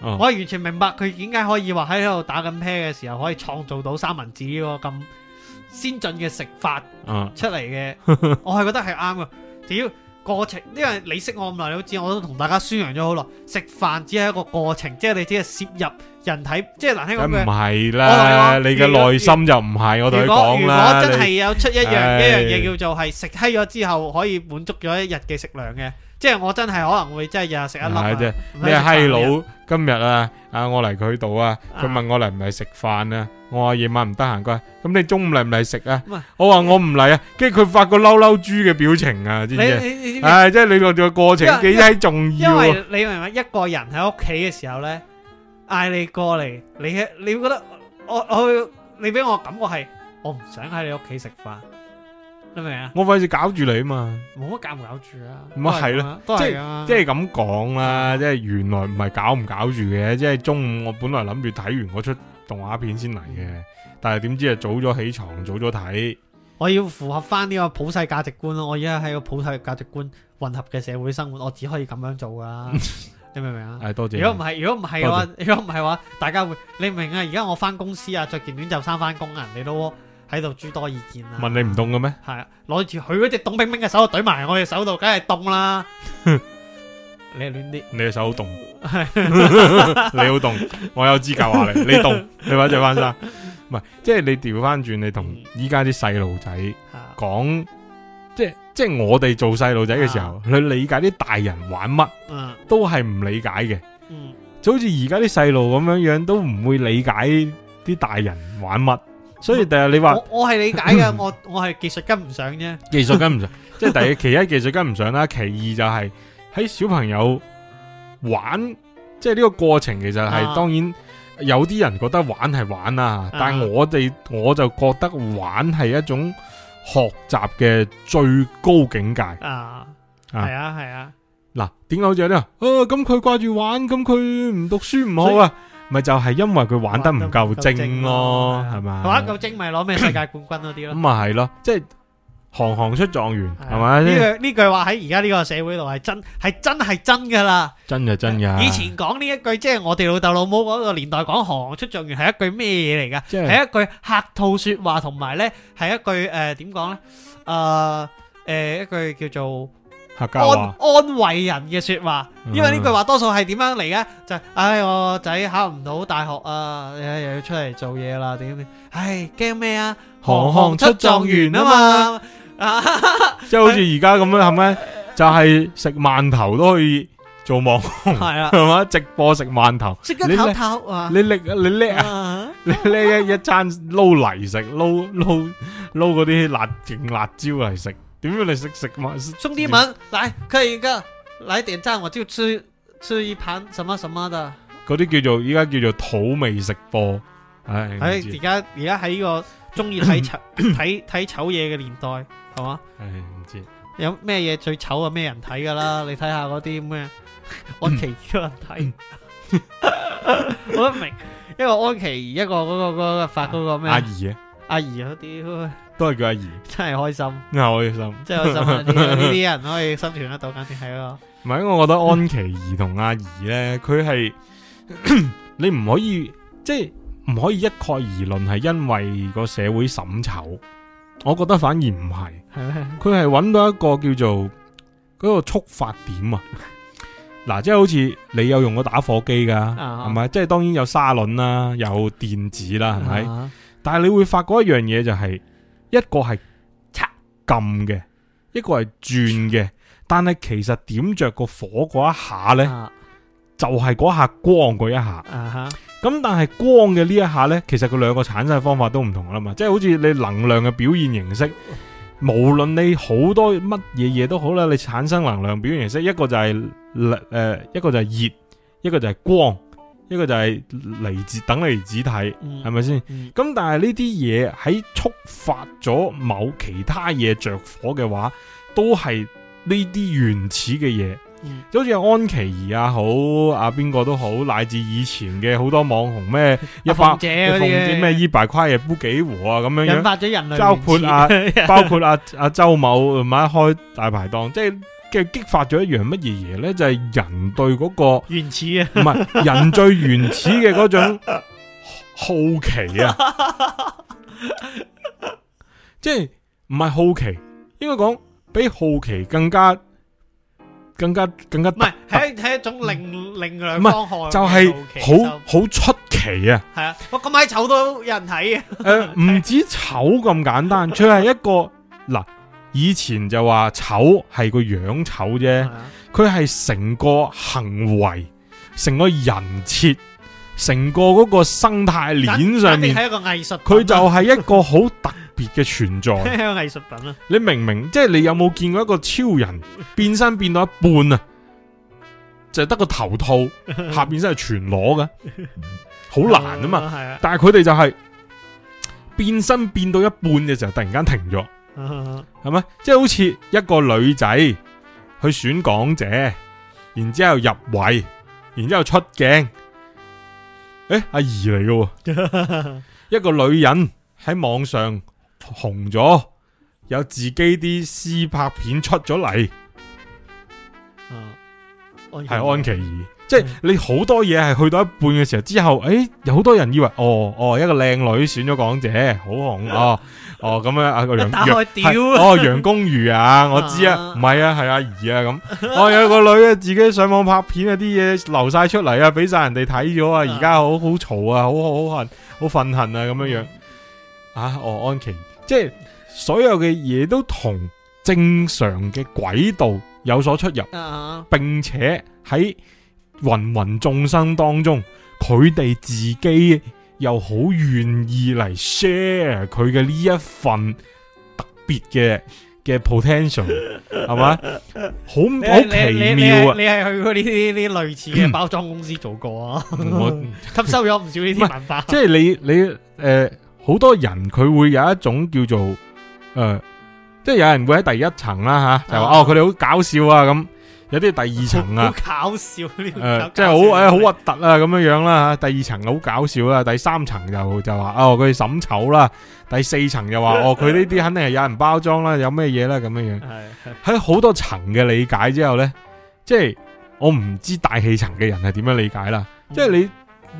我係完全明白佢點解可以話喺度打緊啤嘅時候可以創造到三文治呢個咁先進嘅食法出嚟嘅，我係覺得係啱嘅。屌過程，因為你識我咁耐，你都知我都同大家宣揚咗好耐，食飯只係一個過程，即係你只係攝入人體，即係難聽講嘅。唔係啦，你嘅內心就唔係，我都係講啦。如果如果真係有出一樣一樣嘢叫做係食閪咗之後可以滿足咗一日嘅食量嘅。.即係我真係可能會，即係日日食一粒。係啫，你係閪佬今日啊！啊，我嚟佢度啊！佢問我嚟唔嚟食飯啊？我話夜晚唔得閒，佢話咁你中午嚟唔嚟食啊？我話我唔嚟啊！跟住佢發個嬲嬲豬嘅表情啊！知唔知，係即係你個個過程幾閪重要。因為你明白一個人喺屋企嘅時候咧，嗌你過嚟，你你會覺得我去你俾我感覺係我唔想喺你屋企食飯。我費事搞住你啊嘛，冇乜搞唔搞住啊？咪係咯，都係即係咁講啦，即係、啊啊、原來唔係搞唔搞住嘅，即係中午我本來諗住睇完嗰出動畫片先嚟嘅，但係點知啊早咗起床，早咗睇。我要符合翻呢個普世價值觀咯，我而家喺個普世價值觀混合嘅社會生活，我只可以咁樣做噶。 你明唔明啊？係多，多謝。如果唔係，如果唔係嘅話，如果唔係話，大家會你明唔明啊？而家我翻公司啊，着件短袖衫翻工啊，你都。喺度諸多意見啦。問你唔凍嘅咩？係啊，攞住佢嗰隻凍冰冰嘅手、手，懟埋我隻手度，梗係凍啦。你係亂啲，你隻手好凍，係你好凍，我有資格話你。你凍， 你把着翻砂，唔係即係你調翻轉，你同依家啲細路仔講，即係即係我哋做細路仔嘅時候，去、嗯、理解啲大人玩乜，都係唔理解嘅、嗯。就好似而家啲細路咁樣樣，都唔會理解啲大人玩乜。所以第日你話我我係理解嘅， 我我係技術跟唔上啫。技術跟唔上，即係第其一技術跟唔上啦， 其二就係喺小朋友玩，即係呢個過程其實係、啊、當然有啲人覺得玩係玩啊，啊但係我哋我就覺得玩係一種學習嘅最高境界啊！係啊係啊！嗱，點解好似有啲啊？咁佢掛住玩，咁佢唔讀書唔好啊？咪就係因為佢玩得唔夠精咯，係嘛？玩得夠精咪攞咩世界冠軍嗰啲咯。咁咪係咯，即係行行出狀元，係咪？呢句呢句話喺而家呢個社會度係真係真係真噶啦。真係真噶。以前講呢一句，即係我哋老豆老母嗰個年代講行出狀元係一句咩嘢嚟噶？係一句客套說話，同埋咧係一句誒點講咧？誒誒一句叫做。安安慰人嘅說話，嗯、因為呢句話多數係點樣嚟嘅？就係唉，我仔考唔到大學啊，又，又要出嚟做嘢啦，點？唉，驚咩啊？行行出狀元啊嘛！行行嘛啊即係好似而家咁樣係咩、啊？就係食饅頭都可以做網紅，係啊，係嘛？直播食饅頭，食得透透啊！你叻，你叻啊，啊！你叻一餐撈泥食，撈撈撈嗰啲辣勁辣椒嚟食。樣點樣你識食嘛？兄弟們，來，可以一個來點贊，我就吃吃一盤什麼什麼的。嗰啲叫做依家叫做土味食播，唉、哎，而家而家喺呢個中意睇醜睇睇醜嘢嘅年代，係嘛？唉、哎，唔知有咩嘢最醜啊？咩人睇㗎啦？你睇下嗰啲咩安琪兒都人睇、嗯， 我都明， 一個安琪兒，一個嗰個嗰個發嗰個咩、啊、阿姨、啊。阿姨嗰啲都係叫阿姨，真係開,開心，真係開心，真係開心。呢啲人可以生存得到，簡直係咯。唔係，因為我覺得安琪兒同阿姨咧，佢係 你唔可以，即係唔可以一概而論，係因為個社會審醜。我覺得反而唔係，係佢係揾到一個叫做嗰個觸發點啊。嗱、 啊，即係好似你有用過打火機噶，係咪？Uh-huh. 即係當然有砂輪啦，有電子啦，係咪？Uh-huh. 但係你會發覺一樣嘢就係一個係插撳嘅，一個係轉嘅。但係其實點着個火嗰一下呢，啊、就係、是、嗰下光嗰一下。咁、啊、但係光嘅呢一下呢，其實佢兩個產生嘅方法都唔同啦嘛。即、就、係、是、好似你能量嘅表現形式，無論你好多乜嘢嘢都好啦，你產生能量表現形式，一個就係誒、呃，一個就係熱，一個就係光。一個就係嚟自等嚟自睇，係咪先？咁、嗯、但係呢啲嘢喺觸發咗某其他嘢着火嘅話，都係呢啲原始嘅嘢、嗯，就好似安琪兒啊，好啊，邊個都好，乃至以前嘅好多網紅咩，一發嘅咩一百跨嘢、啊、煲幾和啊，咁樣引發咗人類，包括啊， 包括阿、啊、阿、啊、周某一開大排檔，即係。嘅激發咗一樣乜嘢嘢咧，就係、是、人對嗰、那個原始啊，唔 係人最原始嘅嗰種好奇啊， 即係唔係好奇，應該講比好奇更加、更加、更加嘟嘟，唔係係係一種另另兩方害，就係、是、好就好，好出奇啊！係啊，我咁鬼醜都有人睇嘅、啊，誒、呃，唔止醜咁簡單，佢 係一個嗱。以前就話醜係個樣醜啫，佢係成個行為，成個人設，成個嗰個生態鏈上面，係一個藝術、啊，佢就係一個好特別嘅存在，藝 術品啦、啊。你明唔明？即、就、係、是、你有冇見過一個超人變身變到一半啊？ 就係得個頭套，下邊真係全裸㗎，好 難啊的嘛。 啊但係佢哋就係變身變到一半嘅時候，突然間停咗。係咪？即 係樂、就是、好似一個女仔去選港姐，然之後入圍，然之後出鏡。誒、欸，阿怡嚟嘅， 一個女人喺網上紅咗，有自己啲私拍片出咗嚟。啊，係 安琪兒。即係你好多嘢係去到一半嘅時候，之後誒、欸、有好多人以為哦哦一個靚女選咗港姐，好紅啊哦咁、 哦、樣啊個楊 哦楊公瑜啊， 我知啊，唔係啊係阿怡啊咁，哦有個女啊自己上網拍片啊啲嘢流晒出嚟 啊，俾晒人哋睇咗啊，而家好好嘈啊，好好好恨，好憤恨啊咁樣樣啊哦安琪，即係所有嘅嘢都同正常嘅軌道有所出入， 並且喺。芸芸眾生當中，佢哋自己又好願意嚟 share 佢嘅呢一份特別嘅嘅 potential，係嘛？ 好好奇妙啊！你係去過呢啲呢類似嘅包裝公司做過啊？嗯、我吸收咗唔少呢啲辦法。即係、就是、你你誒，好、呃、多人佢會有一種叫做誒，即、呃、係、就是、有人會喺第一層啦吓，就話、是、哦，佢哋好搞笑啊咁。有啲第二層啊，好 搞笑呢！誒、呃，即係好誒，好核突啊，咁樣樣啦。第二層好搞笑啦，第，層第三層就就話哦，佢審醜啦，第四層就話 哦，佢呢啲肯定係有人包裝啦，有咩嘢啦咁樣樣。係喺好多層嘅理解之後咧，即係我唔知大氣層嘅人係點樣理解啦。嗯、即係你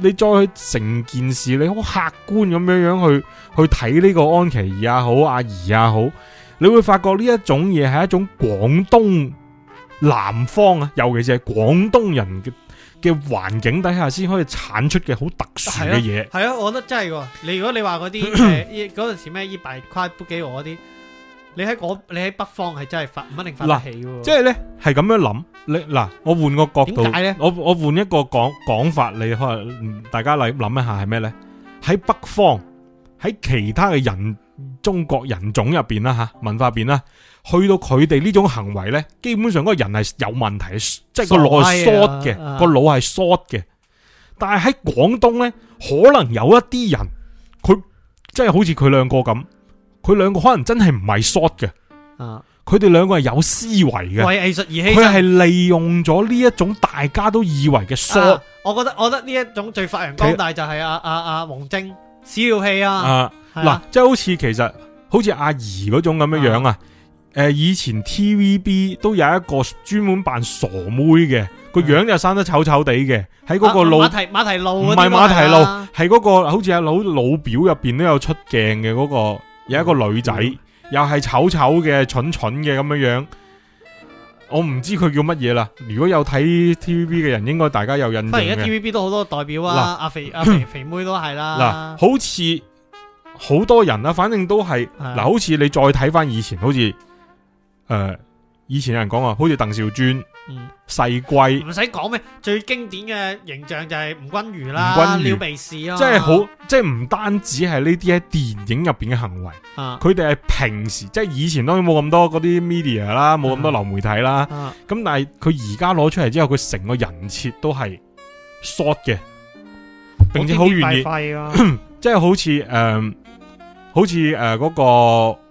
你再去成件事，你好客觀咁樣樣去去睇呢個安琪兒啊、好，阿儀啊、好，你會發覺呢一種嘢係一種廣東。南方啊，尤其是係廣東人嘅嘅環境底下，先可以產出嘅好特殊嘅嘢。係啊，啊，我覺得真係喎。你如果你話嗰啲，嗰陣、 呃、時咩依拜夸布基俄嗰啲，你喺你喺北方係真係發唔一定發得起嘅。即係咧，係、就、咁、是、樣諗。你嗱、啊，我換個角度，我我換一個講講法，你可能大家嚟諗一下係咩咧？喺北方，喺其他嘅人，中國人種入邊啦，吓、啊、文化邊啦。去到佢哋呢種行為呢，基本上個人係有問題，即係個腦係 short 嘅，個腦係 short 嘅。但係喺廣東呢，可能有一啲人佢，即係好似佢兩個咁，佢兩個可能真係唔係 short 嘅。啊，佢哋兩個係有思維嘅，為藝術而犧牲，佢係利用咗呢一種大家都以為嘅 short，啊。我覺得，我覺得呢一種最發揚光大就係阿阿阿王晶屎尿氣啊。嗱，即係好似其實好似阿儀嗰種咁樣樣啊。啊誒、呃，以前 TVB 都有一個專門扮傻妹嘅，個、嗯、樣又生得醜醜地嘅，喺、啊、嗰個露馬蹄馬蹄露唔係馬蹄露，係嗰、啊、個好似阿老老表入邊都有出鏡嘅嗰個，有一個女仔又係醜醜嘅、蠢蠢嘅咁樣樣。我唔知佢叫乜嘢啦。如果有睇 TVB 嘅人，應該大家有印象。而家 TVB 都好多代表啦、啊，阿、啊啊、肥阿、啊、肥肥，肥妹都係啦。嗱、嗯啊，好似好多人啦、啊，反正都係嗱，啊、好似你再睇翻以前，好似。誒、呃，以前有人講話，好似鄧兆尊，細、嗯、龜，唔使講咩，最經典嘅形象就係吳君如啦，撩鼻屎啊，即係好，即係唔單止係呢啲喺電影入邊嘅行為，佢哋係平時，即、就、係、是、以前當然冇咁多嗰啲 media 啦，冇咁多流媒體啦，咁、啊啊、但係佢而家攞出嚟之後，佢成個人設都係 short 嘅，並且好願意，即係好似誒、啊 就是呃，好似誒嗰個。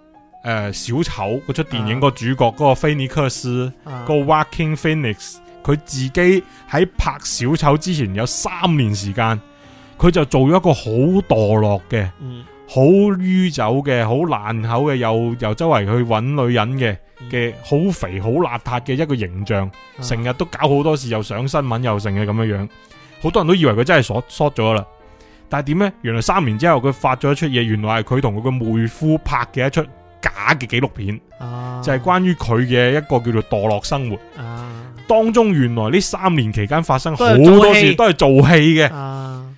誒、呃，小丑嗰出電影個主角嗰、啊那個菲尼克斯，啊那個 Walking Phoenix，佢自己喺拍小丑之前有三年時間，佢就做咗一個好墮落嘅、好、嗯、酗酒嘅、好爛口嘅，又又周圍去揾女人嘅嘅，好、嗯、肥好邋遢嘅一個形象，成日都搞好多事，又上新聞又成嘅咁樣樣。好多人都以為佢真係縮咗啦，但係點呢？原來三年之後佢發咗一出嘢，原來係佢同佢個妹夫拍嘅一出。假嘅紀錄片，啊、就係、是、關於佢嘅一個叫做墮落生活、啊。當中原來呢三年期間發生好多事，都係做戲嘅。咁、啊、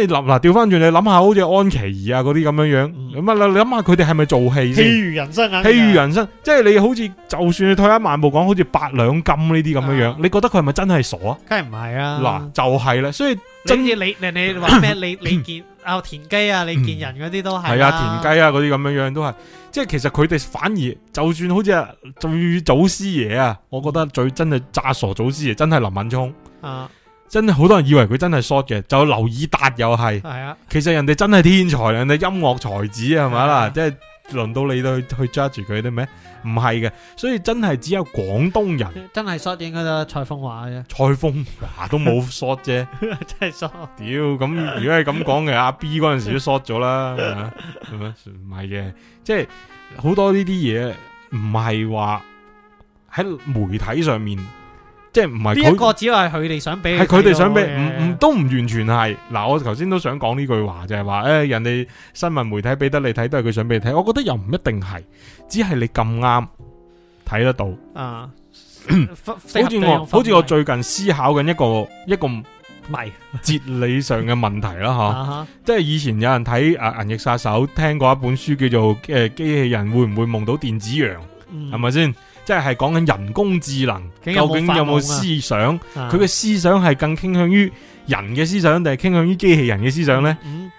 你嗱嗱調翻轉，你諗下好似安琪兒啊嗰啲咁樣樣，咁你諗下佢哋係咪做戲？戲如人生啊！戲如人生，即係你好似就算你退一萬步講，好似八兩金呢啲咁樣樣、啊，你覺得佢係咪真係傻啊？梗係唔係啊！嗱、啊，就係、是、啦，所以甚至你你話咩？你你，你，你， 你，你見啊、哦、田雞啊，你見人嗰啲都係係啊，啊田雞啊嗰啲咁樣樣都係。即係其實佢哋反而就算好似啊最祖師爺啊，我覺得最真係詐傻祖師爺，真係林敏聰啊真，真係好多人以為佢真係 short 嘅，就劉以達又係，係啊，其實人哋真係天才，人哋音樂才子係咪啦？是是啊、即係。輪到你去去揸住佢啲咩？唔係嘅，所以真係只有廣東人真係 short 嗰個蔡楓華啫，蔡楓華都冇 short 啫， 真係是 short。屌，咁如果係咁講嘅，阿 B 嗰陣時都 short 咗啦，係咪？唔係嘅，即係好多呢啲嘢唔係話喺媒體上面。即係唔係佢？呢個只係佢哋想俾，係佢哋想俾，唔唔都唔完全係。嗱，我頭先都想講呢句話，就係、是、話，誒、欸，人哋新聞媒體俾得你睇，都係佢想俾你睇。我覺得又唔一定係，只係你咁啱睇得到。啊，好似我，好似我最近思考緊一個一個迷哲理上嘅問題啦，吓、啊啊，即係以前有人睇《啊銀翼殺手》，聽過一本書叫做《誒機器人會唔會夢到電子羊》嗯，係咪先？即係講緊人工智能，究竟有冇、啊、思想？佢嘅思想係更傾向於人嘅思想，定係傾向於機器人嘅思想呢？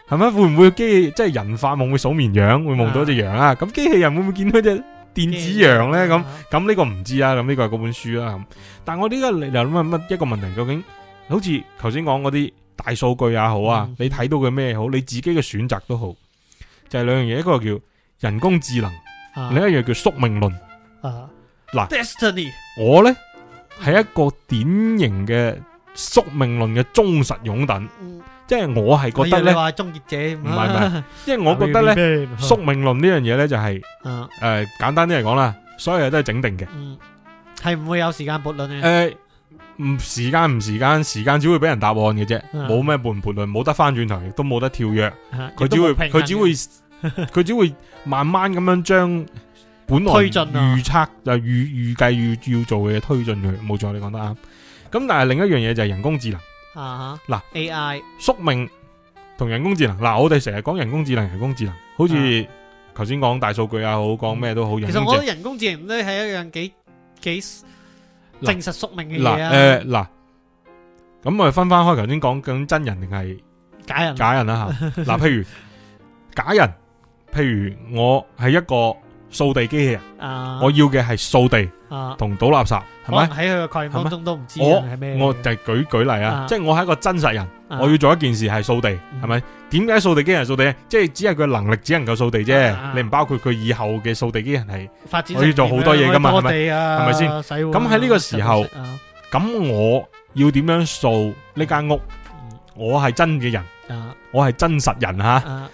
係咪會唔會機器即係人發夢會數綿羊，會夢、就是、到隻隻羊啊？咁、嗯、機器人會唔會見到隻電子羊呢？咁咁呢個唔知啊！咁呢個係嗰本書啊。但我呢個你諗下乜一個問題？究竟好似頭先講嗰啲大數據也好啊，嗯、你睇到嘅咩好？你自己嘅選擇都好，就係、是、兩樣嘢，一個叫人工智能，另一樣叫宿命論啊。啊嗱，Destiny，我咧係一個典型嘅宿命論嘅忠實擁躉，嗯，即係我係覺得咧，終結者唔係唔係，不是不是 因為我覺得咧 宿命論呢樣嘢咧就係、是，誒、啊呃、簡單啲嚟講啦，所有嘢都係整定嘅，係、嗯、唔會有時間悖論嘅，誒唔時間唔時間，時間只會俾人答案嘅啫，冇咩悖悖論，冇得翻轉頭，亦都冇得跳躍，佢、啊、只會佢只會佢只，只會慢慢咁樣將。 本來預測就預預計要要做嘅推進佢冇錯，你講得啱。咁但係另一樣嘢就係人工智能啊，嗱，AI 宿命同人工智能嗱，我哋成日講人工智能，人工智能好似頭先講大數據啊，好講咩都好。其實我覺得人工智能咧係一樣幾幾證實宿命嘅嘢啊。誒，嗱，咁我哋分返開頭先講緊真人定係假人假人啦嚇。嗱，譬如假人，譬如我係一個。掃地機器人，我要嘅係掃地，同倒垃圾，係咪？喺佢嘅概念當中都唔知係咩。我就舉舉例啊，即係我係一個真實人，我要做一件事係掃地，係咪？點解掃地機器人掃地咧？即係只係佢能力只能夠掃地啫，你唔包括佢以後嘅掃地機器人係發展，我要做好多嘢噶嘛，係咪？係咪先？咁喺呢個時候，咁我要點樣掃呢間屋？我係真嘅人，我係真實人吓。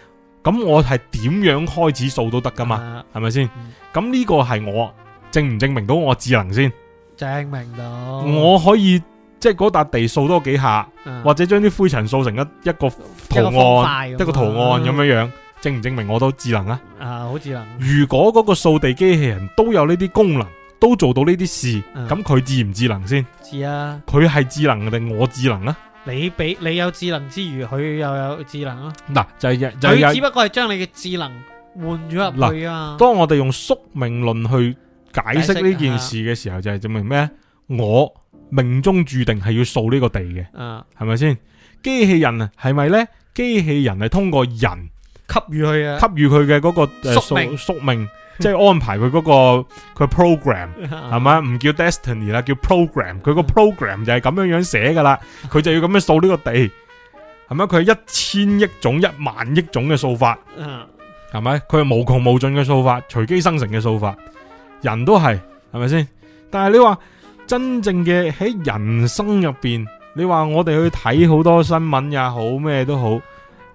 咁我係點樣開始掃都得噶嘛，係咪先？咁呢、嗯、個係我證唔證明到我智能先？證明到，我可以即係嗰笪地掃多幾下，啊、或者將啲灰塵掃成一一個圖案，一個，一一個圖案咁、啊、樣樣，證唔證明我都智能啊？啊，好智能！如果嗰個掃地機器人都有呢啲功能，都做到呢啲事，咁、啊、佢智唔智能先？智啊！佢係智能定我智能啊？你俾你有智能之餘，佢又有智能啊！嗱、啊，就係、係、就佢、係、只不過係將你嘅智能換咗入嚟。啊！當我哋用宿命論去解釋呢件事嘅時候，啊、就係證明咩？我命中注定係要掃呢個地嘅，係咪先？機器人啊，係咪呢？機器人係通過人。給予佢啊！給予佢嘅嗰個宿命，宿命即係安排佢嗰個佢 program，係咪？唔叫 destiny 啦，叫 program。佢個 program 就係咁樣樣寫噶啦，佢就要咁樣掃呢個地，係咪？佢係一千億種、一萬億種嘅掃法，係咪？佢係無窮無盡嘅掃法，隨機生成嘅掃法。人都係，係咪先？但係你話真正嘅喺人生入邊，你話我哋去睇好多新聞也好，咩都好。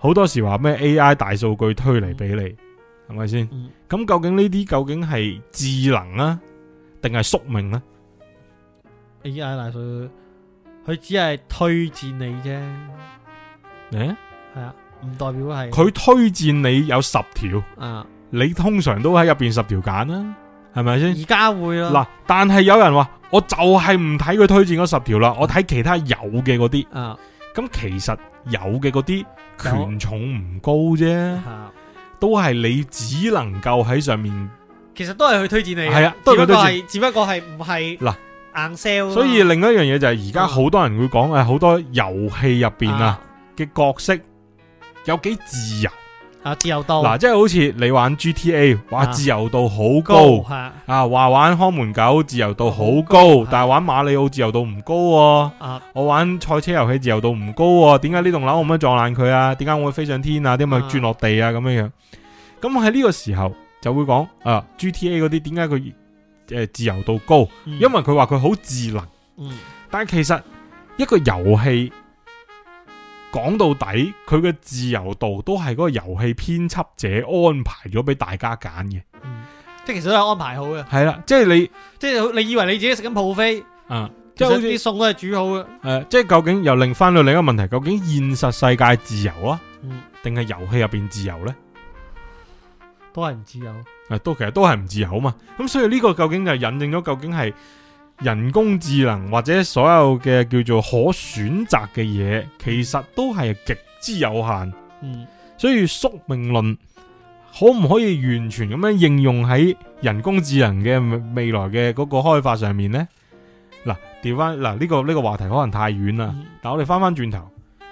好多時話咩 AI 大數據推嚟俾你，係咪先？咁、嗯、究竟呢啲究竟係智能啊，定係宿命呀？AI 大數據佢只係推薦你啫，誒，係啊，唔、啊啊、代表係。佢推薦你有十條，啊，你通常都喺入邊十條揀、啊、啦，係咪先？而家會啦。嗱，但係有人話，我就係唔睇佢推薦嗰十條啦、嗯，我睇其他有嘅嗰啲，啊。咁其實有嘅嗰啲權重唔高啫，都係你只能夠喺上面。其實都係去推薦你，係啊都係，只不過係只不過係唔係嗱硬 sell。所以另一樣嘢就係而家好多人會講誒，好多遊戲入邊啊嘅角色有幾自由。啊，自由度嗱、啊，即係好似你玩 GTA 話、啊、自由度好高，高啊話、啊、玩看門狗自由度好高，高啊、但係玩馬里奧自由度唔高、哦啊，我玩賽車遊戲自由度唔高、哦，點解呢棟樓咁樣撞爛佢啊？點解我，、啊、我會飛上天啊？點、啊、解會轉落地啊？咁樣樣，咁喺呢個時候就會講啊，GTA 嗰啲點解佢誒自由度高？嗯、因為佢話佢好智能，嗯、但係其實一個遊戲。講到底，佢嘅自由度都係嗰個遊戲編輯者安排咗俾大家揀嘅，嗯，即係其實都係安排好嘅。係啦，啊，即係你，即係你以為你自己食緊泡 u f f e t 啊，即係啲餸都係煮好嘅。誒、嗯，即係究竟又令翻到另一個問題，究竟現實世界自由啊，定係遊戲入邊自由呢？都係唔自由。誒，都其實都係唔自由嘛。咁所以呢個究竟就引證咗究竟係。人工智能或者所有嘅叫做可選擇嘅嘢，其實都係極之有限。嗯，所以宿命論可唔可以完全咁樣應用喺人工智能嘅未來嘅嗰個開發上面呢？嗱、啊，調翻嗱呢個呢、這個話題可能太遠啦、嗯。但我哋翻翻轉頭，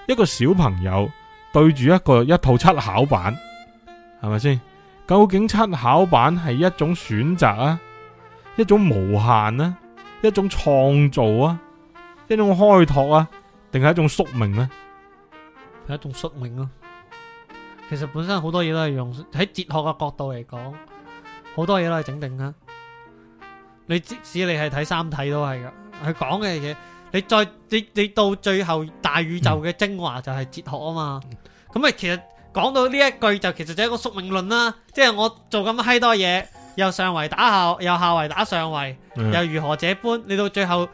一個小朋友對住一個一套七巧板，係咪先？究竟七巧板係一種選擇啊，一種無限啊？一種創造啊，一種開拓啊，定係一種宿命咧？係一種宿命咯。其實本身好多嘢都係用喺哲學嘅角度嚟講，好多嘢都係整定啦。你即使你係睇三體都係噶，佢講嘅嘢，你再你你到最後大宇宙嘅精華就係哲學啊嘛。咁啊，其實講到呢一句就其實就係一個宿命論啦。即係我做咁閪多嘢。又上圍打下，又下圍打上圍，又如何這般？你到最後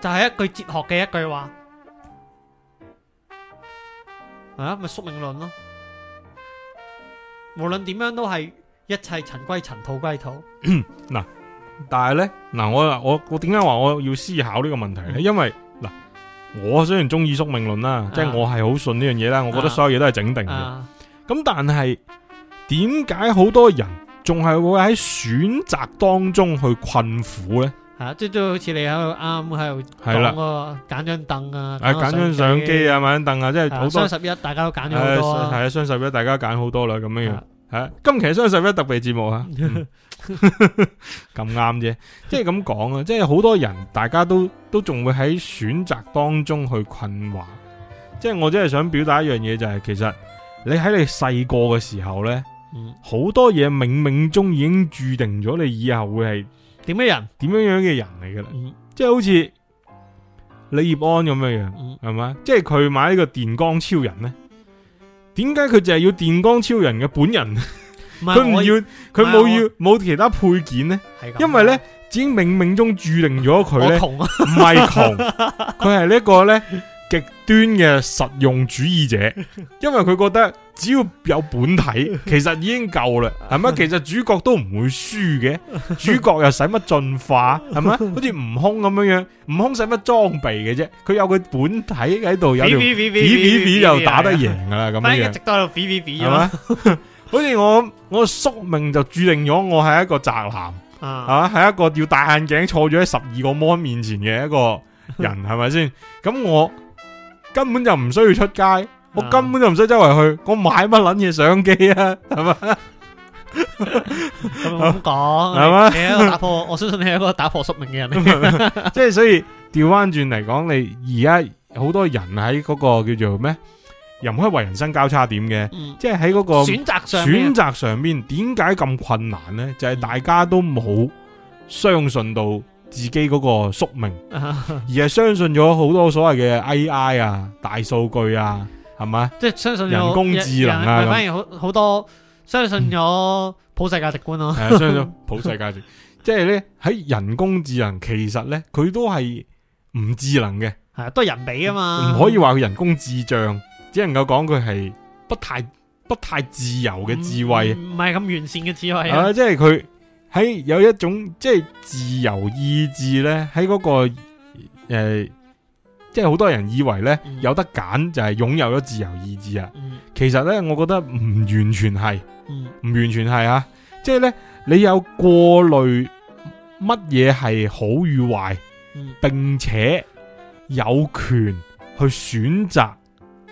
就係一句哲學嘅一句話，啊，咪宿命論咯。無論點樣都係一切塵歸塵，土歸土。嗱，但係咧，嗱我我我點解話我要思考呢個問題咧？因為嗱，我雖然中意宿命論啦，即係我係好信呢樣嘢啦，我覺得所有嘢都係整定嘅。咁但係點解好多人？仲係會喺選擇當中去困苦咧？係啊，即係都好似你喺度啱，喺度，係啦，揀張凳啊，揀張相機啊，買張凳啊，即係好多雙十一，雙大家都揀咗好多。係啊，雙十一大家揀好多啦，咁樣樣。吓、啊啊，今期雙十一特別節目啊，咁啱啫。即係咁講啊，即係好多人，大家都都仲會喺選擇當中去困惑。即、就、係、是、我真係想表達一樣嘢、就是，就係其實你喺你細個嘅時候咧。好、嗯、多嘢冥冥中已經注定咗，你以後會係點樣人，點樣、嗯、樣嘅人嚟噶啦？即係好似李葉安咁樣樣，係咪？即係佢買呢個電光超人咧，點解佢就係要電光超人嘅本人？佢唔 要，佢冇要冇其他配件呢？係，因為咧，已經冥冥中注定咗佢咧，唔係窮，佢 係呢個咧。極端嘅實用主義者，因為佢覺得只要有本體，其實已經夠啦，係咪？ 其實主角都唔會輸嘅，主角又使乜進化，係咪？ 好似悟空咁樣樣，悟空使乜裝備嘅啫？佢有佢本體喺度，有條，有打得贏噶啦，咁樣。但係一直都喺度，係嘛？ 好似我我宿命就注定咗，我係一個宅男，啊，係一個要戴眼鏡坐咗喺十二個幕面前嘅一個人，係咪先？咁我。根本就唔需要出街，我根本就唔需要周圍去，我買乜捻嘢相機啊？係咪咁講？係嘛？你一個打破，我相信你係一個打破宿命嘅人嚟。即係所以調翻轉嚟講，你而家好多人喺嗰個叫做咩，又唔可以話人生交叉點嘅，即係喺嗰個選擇上選擇上面，點解咁困難呢？就係大家都冇相信到。自己嗰個宿命，而係相信咗好多所謂嘅 AI 啊、大數據啊，係咪？即係相信人工智能啊，反而好好多相信咗普世價值觀咯、啊。係、嗯、相信咗普世價值， 即係咧喺人工智能，其實咧佢都係唔智能嘅，係都係人畀啊嘛。唔可以話佢人工智障，只能夠講佢係不太、不太自由嘅智慧，唔係咁完善嘅智慧啊。啊即係佢。喺、hey，有一種即係自由意志呢喺嗰、嗰個誒、呃，即係好多人以為呢，嗯、有得揀就係擁有咗自由意志啊、嗯。其實呢，我覺得唔完全係，唔、嗯、完全係啊。即係呢，你有過濾乜嘢係好與壞、嗯，並且有權去選擇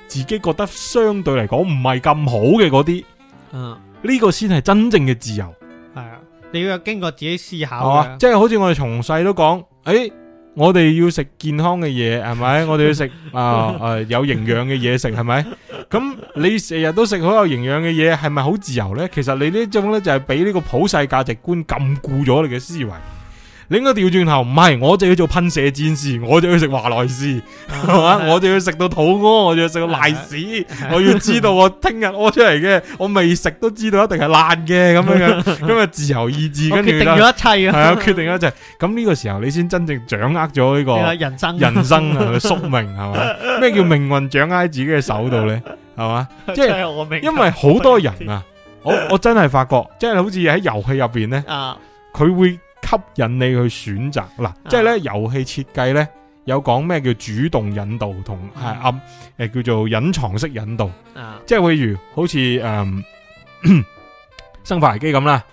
自己覺得相對嚟講唔係咁好嘅嗰啲、呢、啊呢個先係真正嘅自由。你要經過自己思考、哦、啊，即、就、係、是、好似我哋從細都講，誒、欸，我哋要食健康嘅嘢，係咪？我哋要食啊誒有營養嘅嘢食，係咪？咁你成日都食好有營養嘅嘢，係咪好自由呢？其實你呢種呢，就係俾呢個普世價值觀禁錮咗你嘅思維。你應該調轉頭，唔係，我就要做噴射戰士，我就要食華萊士，係、啊、嘛？ 我就要食到，、啊、到肚屙、啊，我就要食到瀨屎、啊。我要知道我聽日屙出嚟嘅，我未食都知道一定係爛嘅咁樣嘅，咁啊，啊，啊自由意志，跟住決定一切係啊，決定咗一切。咁、啊、呢、啊、個時候，你先真正掌握咗呢個人生、啊啊、人生嘅、啊啊、宿命係嘛？咩 叫命運掌握喺自己嘅手度咧？係 嘛？即、就、係、是、我明，因為好多人啊，我我，我真係發覺，即 係好似喺遊戲入邊咧，佢、啊、會。吸引你去選擇，嗱，啊、即係咧遊戲設計咧有講咩叫主動引導同係暗誒，叫做隱藏式引導，啊、即係譬如好似誒、嗯、生化危機咁啦，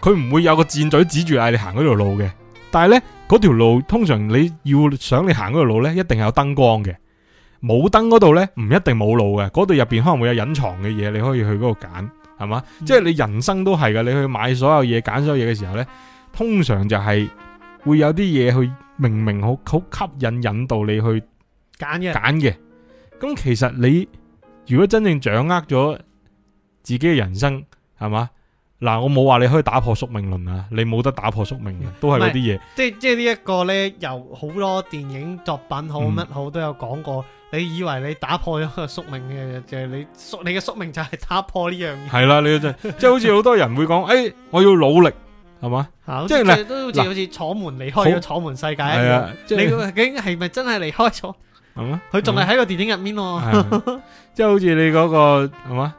佢唔會有個箭嘴指住嗌你行嗰條路嘅，但係咧嗰條路通常你要想你行嗰條路咧，一定有燈光嘅。冇燈嗰度咧唔一定冇路嘅，嗰度入邊可能會有隱藏嘅嘢，你可以去嗰度揀係嘛？是嗯、即係你人生都係㗎，你去買所有嘢揀所有嘢嘅時候咧。通常就係會有啲嘢，去明明好好吸引引導你去揀嘅，揀嘅，咁其實你如果真正掌握咗自己嘅人生，係嘛，嗱，我冇話你可以打破宿命論啊，你冇得打破宿命嘅，都係嗰啲嘢。即係即係呢一個咧，由好多電影作品好乜好都有講過，你以為你打破咗個宿命嘅，就係你宿你嘅宿命就係打破呢樣嘢。係啦，你嗰陣即係好似好多人會講，誒，我要努力。係嘛，即係你都好似好似楚門離開咗楚門世界，係啊！你究竟係咪真係離開咗？咁啊，佢仲係喺個電影入面喎、嗯嗯 。即係好似你嗰、那個係嘛？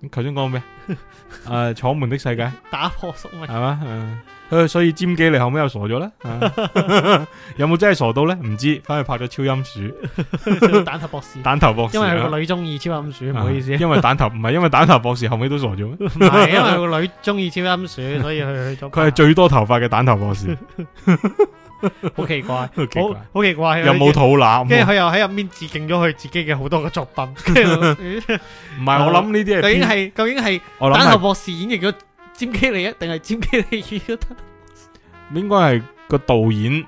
你頭先講咩？誒、 啊，楚門的世界，打破宿命係嘛？嗯。嗯、所以占基你後尾又傻咗咧，啊、 有冇真係傻到咧？唔知，反而拍咗超音鼠蛋頭博士， 蛋頭博士，因為個女中意超音鼠，唔、啊、好意思。因為蛋頭唔係 因為蛋頭博士後尾都傻咗唔係，因為是個女中意超音鼠，所以佢佢做。佢係最多頭髮嘅蛋頭博士，好 奇，奇怪，好好奇怪。有冇肚腩？跟住佢又喺入面致敬咗佢自己嘅好多嘅作品。唔 係然後， 我諗呢啲人。究竟係究竟係蛋頭博士演繹咗？詹基利一定係詹基利，演嘅？ 應該係個導演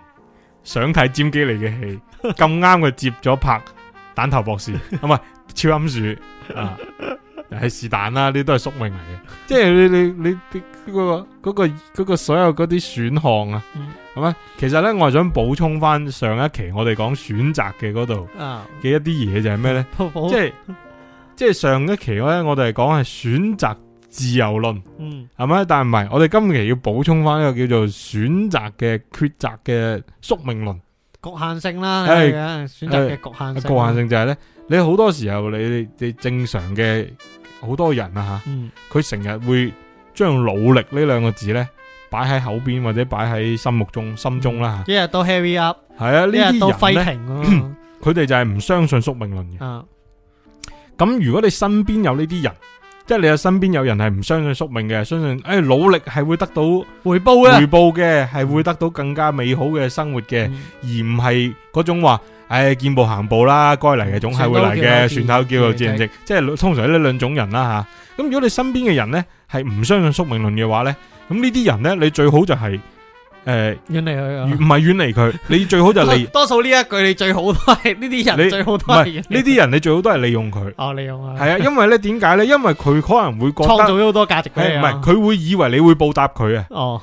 想睇詹基利嘅戲，咁啱佢接咗拍《蛋頭博士》 唔係《，超音鼠》 啊，係 是但啦，呢都係宿命嚟嘅。 即係你你你，你你嗰個、嗰個、嗰個所有嗰啲選項啊，係、嗯、咪？其實咧，我係想補充翻上一期我哋講選擇嘅嗰度嘅一啲嘢就係咩咧？即係即係上一期咧，我哋講係選擇。自由論，係、嗯、咪？但係唔係，我哋今期要補充翻一個叫做選擇嘅抉擇嘅宿命論局限性啦，係嘅選擇嘅局限性。局限性就係、是、咧，你好多時候你你正常嘅好多人啊吓，佢成日會將努力呢兩個字咧擺喺口邊或者擺喺心目中、嗯、心中啦吓一日都 heavy up，係啊，呢日都停，呢啲人咧。佢哋就係唔相信宿命論嘅。咁、啊、如果你身邊有呢啲人。即係你嘅身邊有人係唔相信宿命嘅，相信誒努力係會得到回報咧，回報嘅係會得到更加美好嘅生活嘅，而唔係嗰種話誒見步行步啦，該嚟嘅總係會嚟嘅，船頭叫就自然直，又知唔知？即係通常呢兩種人啦吓。咁如果你身邊嘅人咧係唔相信宿命論嘅話咧，咁呢啲人咧，你最好就係。誒、啊，遠離佢，唔係遠離佢，你最好就離。 多數呢一句，你最好都係呢啲人，最好都係呢啲人，你最好都係利用佢。哦，利用啊，係啊，因為咧，點解咧？因為佢可能會覺得創造咗好多價值俾你，唔係佢會以為你會報答佢啊。哦，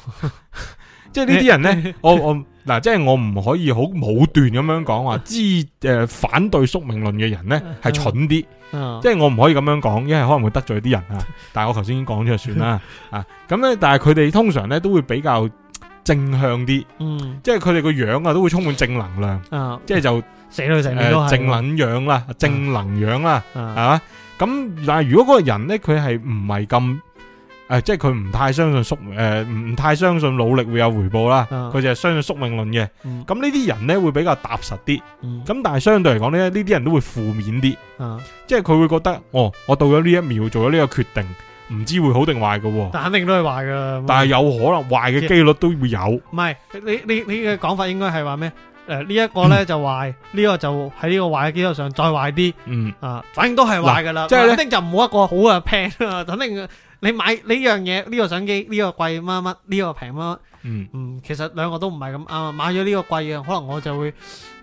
即 係呢啲人咧，我我嗱，即、啊、係、就是、我唔可以好武斷咁樣講話，之、啊、誒、呃、反對宿命論嘅人咧係蠢啲，即、啊、係、啊就是、我唔可以咁樣講，因為可能會得罪啲人 啊。但係我頭先已經講咗就算啦，啊，咁咧，但係佢哋通常咧都會比較。正向啲、嗯，即係佢哋個樣啊，都會充滿正能量，啊、即係就正能量啦，正能量啦，係嘛？咁、嗯啊、但係如果嗰個人呢，佢係唔係咁誒，即係佢唔太相信宿誒，唔、呃、唔太相信努力會有回報啦，佢就係相信宿命論嘅。咁呢啲人呢，會比較踏實啲，咁、嗯、但係相對嚟講呢，呢啲人都會負面啲、啊，即係佢會覺得，哦，我到咗呢一秒，做咗呢個決定。唔知會好定壞嘅，但肯定都係壞噶。但係有可能壞嘅機率都會有不。唔係，你你你嘅講法應該係話咩？誒、呃，這個、呢一個咧就壞，呢、這個就喺呢個壞嘅基礎上再壞啲。嗯。啊，反正都係壞噶啦，啊就是、肯定就唔好一個好嘅 plan 啊。肯定你買呢樣嘢，呢、這個相機呢、這個貴乜乜，呢、這個平乜乜。嗯。嗯，其實兩個都唔係咁啱。買咗呢個貴嘅，可能我就會誒、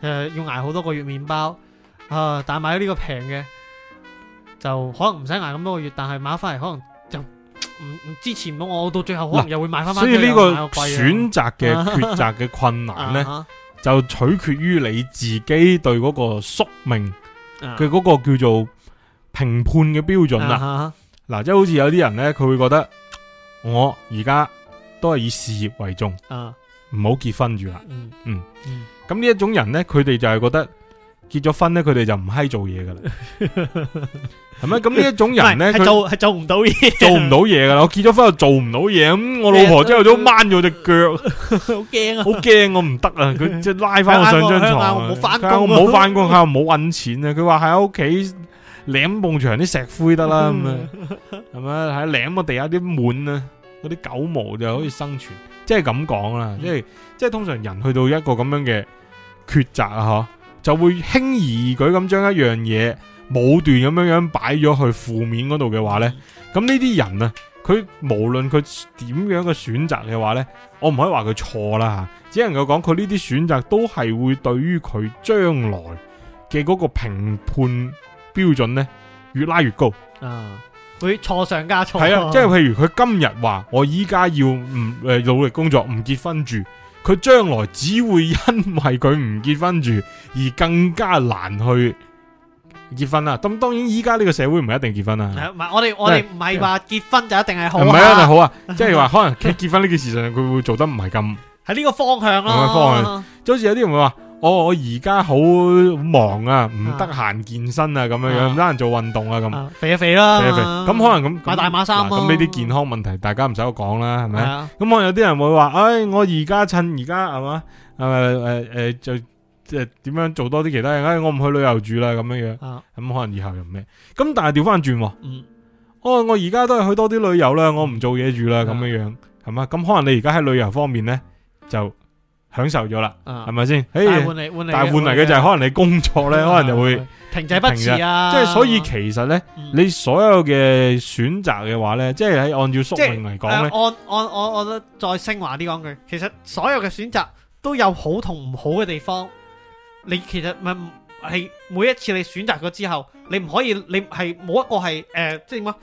呃、要挨好多個月麵包。啊、呃，但係買咗呢個平嘅，就可能唔使挨咁多個月，但係買翻嚟可能。唔支持唔到我，我到最後可能又會買翻返啲嘢，所以呢個選擇嘅抉擇嘅困難呢，啊、難呢 就取決於你自己對嗰個宿命嘅嗰個叫做評判嘅標準啦。嗱、啊啊啊啊，即係好似有啲人呢，佢會覺得我而家都係以事業為重，唔、啊、好結婚住啦。嗯，咁呢一種人呢，佢哋就係覺得。嗯結咗婚咧，佢哋就唔閪做嘢噶啦，係咪？咁呢一種人咧，做係做唔到嘢，做唔到嘢噶啦。我結咗婚又做唔到嘢，咁我老婆之後都掹咗隻腳，好驚啊！好驚我唔得啊！佢即係拉翻我上張床啊！我冇翻工啊！我冇翻工，我又冇搵錢啊！佢話喺屋企舐埲牆啲石灰得啦，咁啊，係咪？喺舐個地下啲滿啊，嗰啲狗毛就可以生存，即係咁講啦。因為即係通常人去到一個咁樣嘅抉擇啊，嗬。就會輕而易舉咁將一樣嘢武斷咁樣樣擺咗去負面嗰度嘅話呢。咁呢啲人啊，佢無論佢點樣嘅選擇嘅話呢，我唔可以話佢錯啦嚇，只能夠講佢呢啲選擇都係會對於佢將來嘅嗰個評判標準呢越拉越高啊，會錯上加錯，啊。係啊，即係譬如佢今日話我依家要唔誒努力工作，唔結婚住。佢將來只會因為佢唔結婚住而更加難去結婚啦。咁當然依家呢個社會唔係一定結婚啊。唔係我哋我哋唔係話結婚就一定係好，唔係一定啊，好啊，即係話可能佢結婚呢件事上佢會做得唔係咁喺呢個方向咯。方向。即、嗯、使、嗯、有啲人唔會話。我我而家好忙啊，唔得閒健身啊，咁、啊、樣樣唔得閒做運動啊，咁、啊啊、肥一肥啦，咁、啊、可能咁大碼衫咁呢啲健康問題，大家唔使我講啦，係、啊、咪？咁、啊、可能有啲人會話，唉、哎，我而家趁而家係嘛，誒誒誒，就即係點樣做多啲其他嘢？唉、哎，我唔去旅遊住啦，咁樣樣，咁、啊、可能以後又咩？咁但係調翻轉，喎、嗯，哦、啊，我而家都係去多啲旅遊啦，我唔做嘢住啦，咁、啊、樣樣係嘛？咁可能你而家喺旅遊方面咧就。享受咗啦，係咪先？但係換嚟換嚟，但係換嚟嘅就係可能你工作咧，可能就會停滯不前啊！即係所以其實咧，你所有嘅選擇嘅話咧，即係喺按照宿命嚟講咧，按按我我覺得再升華啲講句，其實所有嘅選擇都有好同唔好嘅地方。你其實唔係每一次你選擇咗之後，你唔可以你係冇一個係誒，即係點啊？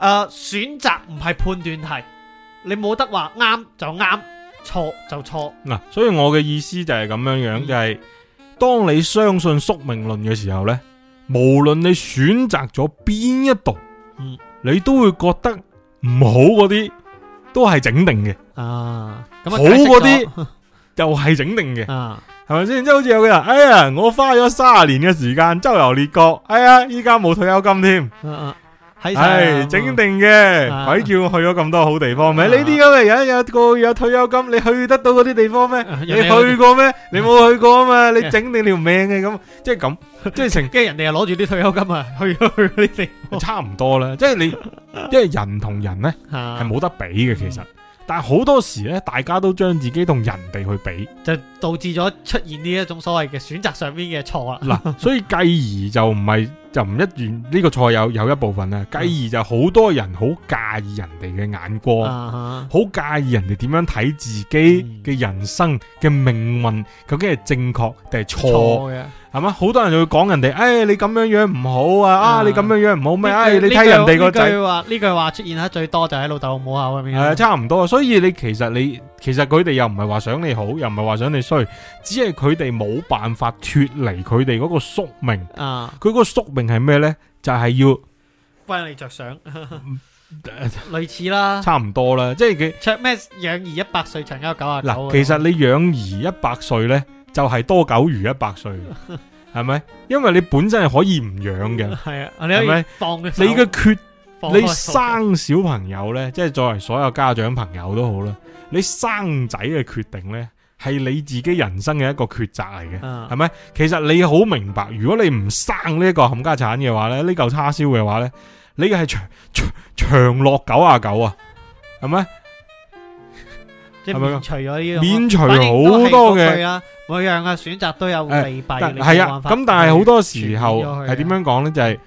誒，選擇唔係判斷題，你冇得話啱就啱。錯就錯嗱、啊，所以我嘅意思就係咁樣樣，就係、是、當你相信宿命論嘅時候呢，無論你選擇咗邊一度，嗯，你都會覺得唔好嗰啲都係整定嘅啊，嗯嗯、好嗰啲又係整定嘅啊，係咪先？即係好似有個人，哎呀，我花咗三十年嘅時間周遊列國，哎呀，依家冇退休金添。啊啊係、哎、整定嘅、啊，鬼叫去咗咁多好地方咩，啊？你啲咁嘅人有個有退休金，你去得到嗰啲地方咩？你去過咩？啊、你冇去過嘛啊嘛？你整定條命嘅咁、啊，即係咁、啊，即係成，跟人哋又攞住啲退休金啊，去咗去嗰啲地方差唔多，差唔多啦。即係你，即係人同人咧，係冇得比嘅、啊，其實。但好多時咧，大家都將自己同人哋去比，就導致咗出現呢一種所謂嘅選擇上面嘅錯啦嗱， 所以繼而就唔係就唔一定呢、這個錯有有一部分啦。繼而就好多人好介意人哋嘅眼光，好、嗯、介意人哋點樣睇自己嘅人生嘅、嗯、命運究竟係正確定係錯？係嘛？好多人就會講人哋，誒，你咁樣樣唔好啊！啊，你咁樣樣唔好咩？誒，你睇人哋個句話，呢句話出現得最多就喺老豆老母口入面。係差唔多，所以你其實你其實佢哋又唔係話想你好，又唔係話想你衰，只係佢哋冇辦法脫離佢哋嗰個宿命啊！佢個宿命係咩呢？就係要為你着想，類似啦，差唔多啦。即係佢，咩養兒一百歲，長憂九十九。嗱，其實你養兒一百歲呢。就係、是、多狗如一百歲，係 咪？因為你本身係可以唔養嘅，係啊，係咪？你嘅決放你生小朋友呢，即係作為所有家長朋友都好啦，你生仔嘅決定呢，係你自己人生嘅一個抉擇嚟嘅，係、啊、咪？其實你好明白，如果你唔生呢個冚家鏟嘅話呢，呢、這、嚿、個、叉燒嘅話呢，你係長長長樂九啊九啊，係咪？即係免除咗呢種，免除好多嘅、啊哎。每樣嘅選擇都有利弊，係、哎、啊。咁但係好多時候係點樣講咧？就係、是、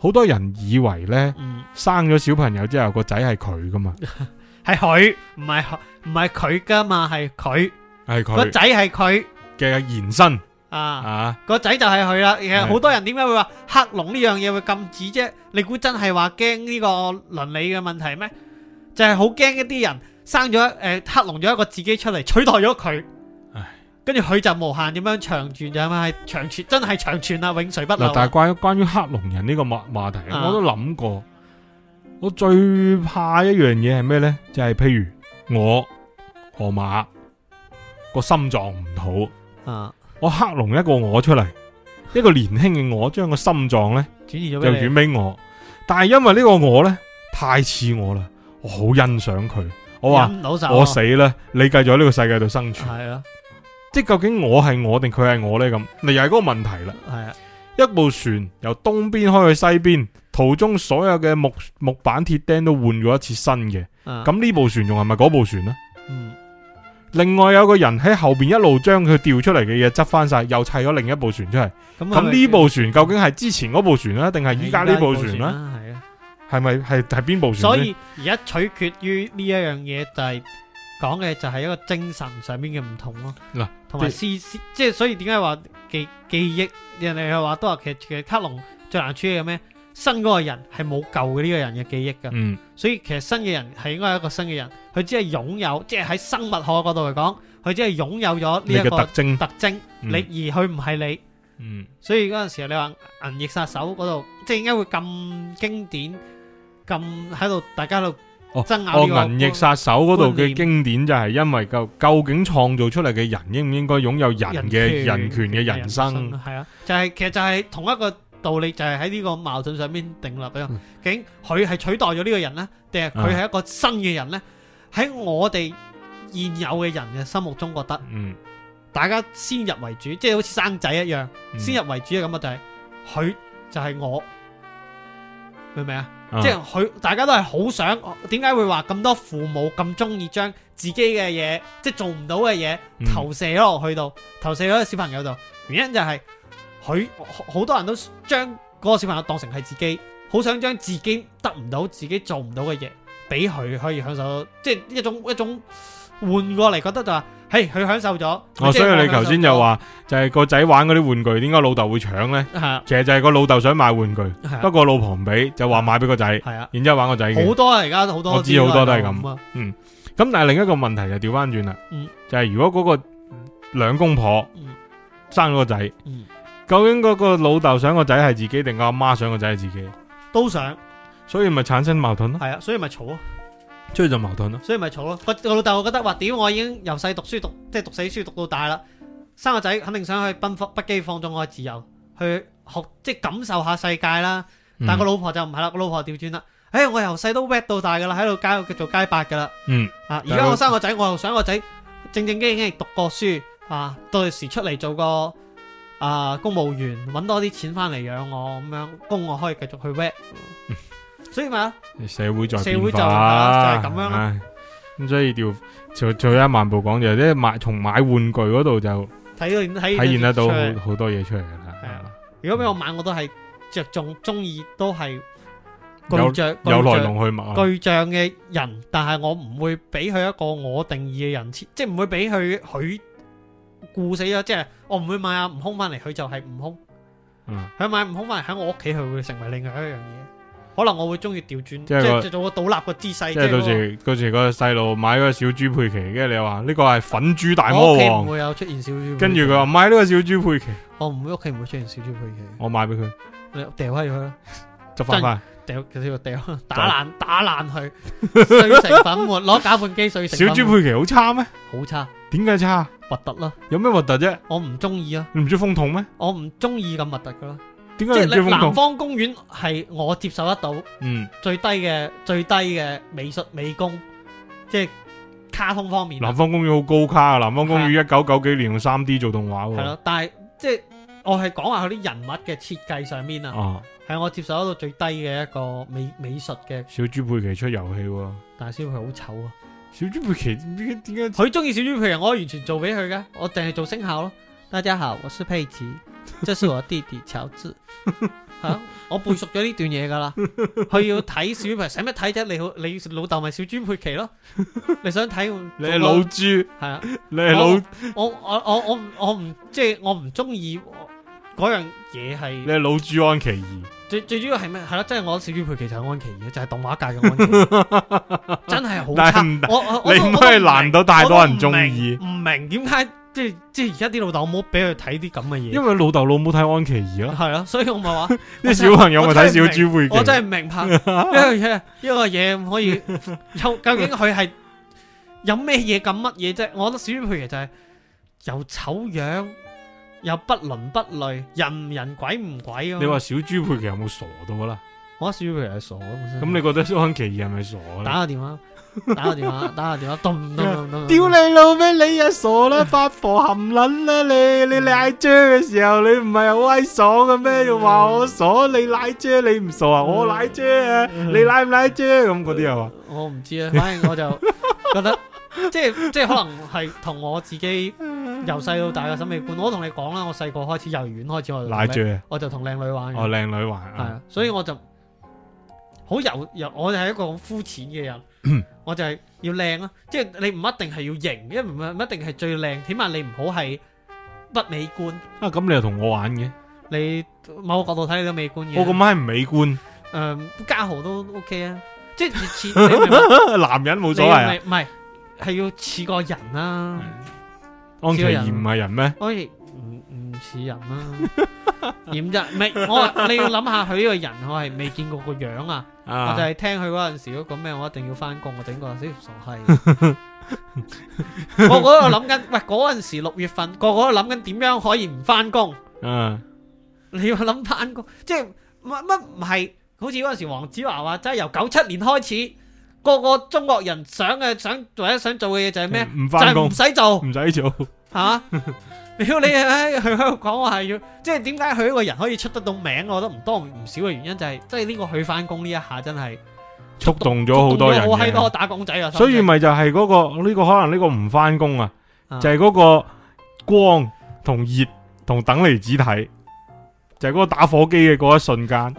好多人以為咧、嗯，生咗小朋友之後個仔係佢噶嘛？係佢唔係唔係佢噶嘛？係佢係佢個仔係佢嘅延伸啊啊！個、啊、仔就係佢啦。而好多人點解會話克隆呢樣嘢會禁止啫？你估真係話驚呢個倫理嘅問題咩？就係好驚一啲人。生咗誒，克隆咗一個自己出嚟取代咗佢，跟住佢就無限點樣長存，就係長存，真係長存啊，永垂不老。但係關關於克隆人呢個話話題，啊、我都諗過。我最怕一樣嘢係咩呢？就係、係，譬如我河馬個心臟唔好，啊、我克隆一個我出嚟，一個年輕嘅我將個心臟呢，轉移就轉咗俾我，但係因為呢個我呢，太似我啦，我好欣賞佢。我話我死啦！你繼續喺呢個世界度生存係，即，究竟我係我定佢係我呢？咁，又係嗰個問題啦。係啊，一部船由東邊開去西邊，途中所有嘅木木板、鐵釘都換咗一次新嘅。咁呢部船仲係咪嗰部船呢？嗯。另外有個人喺後邊一路將佢掉出嚟嘅嘢執翻晒，又砌咗另一部船出嚟。咁呢部船究竟係之前嗰部船啦，定係依家呢部船呢？係咪係係邊部？所以而家取決於呢一樣嘢，就係講嘅就係一個精神上面嘅唔同咯。嗱，同埋思思，即係所以點解話記記憶？人哋係話都話其實其實克隆最難處理嘅咩？新嗰個人係冇舊嘅呢個人嘅記憶噶。嗯。所以其實新嘅人係應該係一個新嘅人，佢只係擁有，即係喺生物學角度嚟講，佢只係擁有咗呢一個特徵。特徵。你而佢唔係你。嗯。所以嗰陣時候你話銀翼殺手嗰度，即係點解會咁經典？咁喺度，大家都爭拗呢個。哦，銀翼殺手嗰度嘅經典就係因為，究究竟創造出嚟嘅人應唔應該擁有人嘅人權嘅人生？係啊，就係其實就係同一個道理，就係喺呢個矛盾上面定立啊。究竟佢係取代咗呢個人呢，定係佢係一個新嘅人呢？喺我哋現有嘅人嘅心目中覺得，嗯，大家先入為主，即係好似生仔一樣，先入為主嘅感覺就係佢就係我，明唔明啊？即係佢，大家都係好想點解會話咁多父母咁中意將自己嘅嘢，即係做唔到嘅嘢投射咗落去到，投射咗喺小朋友度。原因就係佢好多人都將嗰個小朋友當成係自己，好想將自己得唔到、自己做唔到嘅嘢俾佢可以享受到，即係一種一種。一種換過嚟覺得就係、是，嘿，佢享受咗。哦、啊，所以你頭先就話就係個仔玩嗰啲玩具，點解老豆會搶咧？啊、其實就係個老豆想買玩具，不過、啊、老婆唔俾，就話買俾個仔。係啊，然之後玩個仔好多啊，而家好多，我知好多都係咁。嗯、啊，咁但係另一個問題就調翻轉啦。嗯、就係如果嗰、那個兩、嗯、公婆、嗯、生咗個仔，嗯、究竟嗰個老豆想個仔係自己，定個阿媽想個仔係自己？都想，所以咪產生矛盾咯。係啊，所以咪吵啊。所以就矛盾咯，所以咪吵咯。個老豆覺得話，屌，我已經由細讀書讀，即係讀死書讀到大啦，生個仔肯定想去奔放、不羈、放縱，愛自由，去學即係感受下世界啦。但個老婆就唔係啦，個老婆調轉啦。誒，我由細都 work 到大噶啦，喺度街做街霸噶啦。嗯。啊，而家我生個仔，我又、嗯、想個仔正正經經讀過書，啊，到時出嚟做個啊、呃、公務員，搵多啲錢翻嚟養我，咁樣供我可以繼續去 work 所以嘛，社會在變化，就係咁樣啦。咁所以調，再再一萬步講就，啲買從買玩具嗰度就睇到體現得到好多嘢出嚟噶啦。係啊，如果俾我買，我都係着重中意都係有有來龍去脈具象嘅人，但係我唔會俾佢一個我定義嘅人設，即係唔會俾佢佢固死咗，即係我唔會買阿悟空翻嚟，佢就係悟空。嗯，佢買悟空翻嚟喺我屋企，佢會成為另外一樣嘢。可能我會中意調轉，即係做個倒立個姿勢。即係、即係嗰個、到時，到時個細路買嗰個小豬佩奇，跟住你又話呢個係粉豬大魔王。我屋企唔會有出現小豬佩奇。跟住佢話買呢個小豬佩奇。我唔屋企唔會出現小豬佩奇。我買俾佢，你掉翻入去，就翻翻，掉其實掉，打爛打爛佢，碎成粉末，攞攪拌機碎成。小豬佩奇好差咩？好差，點解差？核突啦，有咩核突啫？我唔中意啊，你唔中意風筒咩？我唔中意咁核突噶啦。即、就、係、是、南方公園係我接受得到最低嘅、嗯、最低嘅美術美工，即、就、係、是、卡通方面。南方公園好高卡嘅，南方公園一九九幾年用三 D 做動畫。係咯、啊啊，但係即係我係講話佢啲人物嘅設計上面啊，係我接受得到最低嘅一個美美術嘅。小豬佩奇出遊戲、啊，但係小豬好醜啊！小豬佩奇點解？佢中意小豬佩奇，我可以完全做俾佢嘅，我淨係做聲效咯。大家好，我是佩子。這是我弟弟喬治。吓、 啊，我背熟咗呢段嘢噶啦。佢 要睇小豬佩，使乜睇啫？你好，你老豆咪小豬佩奇咯？你想睇？你係老豬？係啊。你係老？我我我我我唔即係我唔中意嗰樣嘢係。你係老豬安琪兒？最最主要係咩？係咯、啊，即係我小豬佩奇就係安琪兒，就係、是、動畫界嘅安琪兒， 真係好差。我我你咩難到大多人中意？唔明點解？即係即係而家啲老豆老母俾佢睇啲咁嘅嘢，因為老豆老母睇安琪兒啦，係啊，所以我咪話啲小朋友咪睇小豬佩奇，我真係唔明白，呢 個嘢呢、呢個嘢唔可以， 究竟佢係有咩嘢咁乜嘢啫？我覺得小豬佩奇就係、是、又醜樣又不倫不類，人唔人鬼唔鬼咁。你話小豬佩奇有冇傻到啦？我覺得小豬佩奇係傻咁，你覺得小安琪兒係咪傻？打個電話。打個電話，打個電話，咚咚咚咚！屌你老味，你又傻啦，八婆含撚啦你，你！你賴蕉嘅時候你 你你，你唔係好愛傻嘅咩？又 話我傻，啊、你賴蕉，你唔傻啊、嗯我？我賴蕉啊！你賴唔賴蕉咁嗰啲啊？我唔知啊，反正我就覺得，即係即係可能係同我自己由細到大嘅審美觀。我同你講啦，我細個開始幼兒園開始我賴蕉，我就同靚女玩，哦靚女玩係啊，所以我就。好柔柔，我就係一個好膚淺嘅人，我就係要靚咯。即係你唔一定係要型，因為唔一定係最靚，起碼你唔好係不美觀。啊，咁你又同我玩嘅？你某個角度睇你都美觀嘅。我咁係唔美觀。誒，嘉豪都 OK 啊，即係似男人冇所謂啊，唔係係要似個人啦。安琪兒唔係人咩？安琪唔唔似人啦，點啫？未我你要諗下佢呢個人，我係未見過個樣啊。我就係聽佢嗰陣時，如果咩我一定要翻工，我整個死傻閪。個個喺度諗緊，喂，嗰陣時六月份，個個都諗緊點樣可以唔翻工。嗯，你要諗翻工，即係乜乜唔係？好似嗰陣時黃子華話，即係由九七年開始，個個中國人想嘅、想，唯一想做嘅嘢就係咩？唔翻工，唔使做，唔使做，吓。屌你啊！去香港我係要，即係點解佢一個人可以出得到名？我覺得唔多唔少嘅原因就係，即係呢個佢翻工呢一下真係觸動咗好多人嘅。所以咪就係嗰個呢個可能呢個唔翻工啊，就係嗰個光同熱同等離子體，就係嗰個打火機嘅嗰一瞬間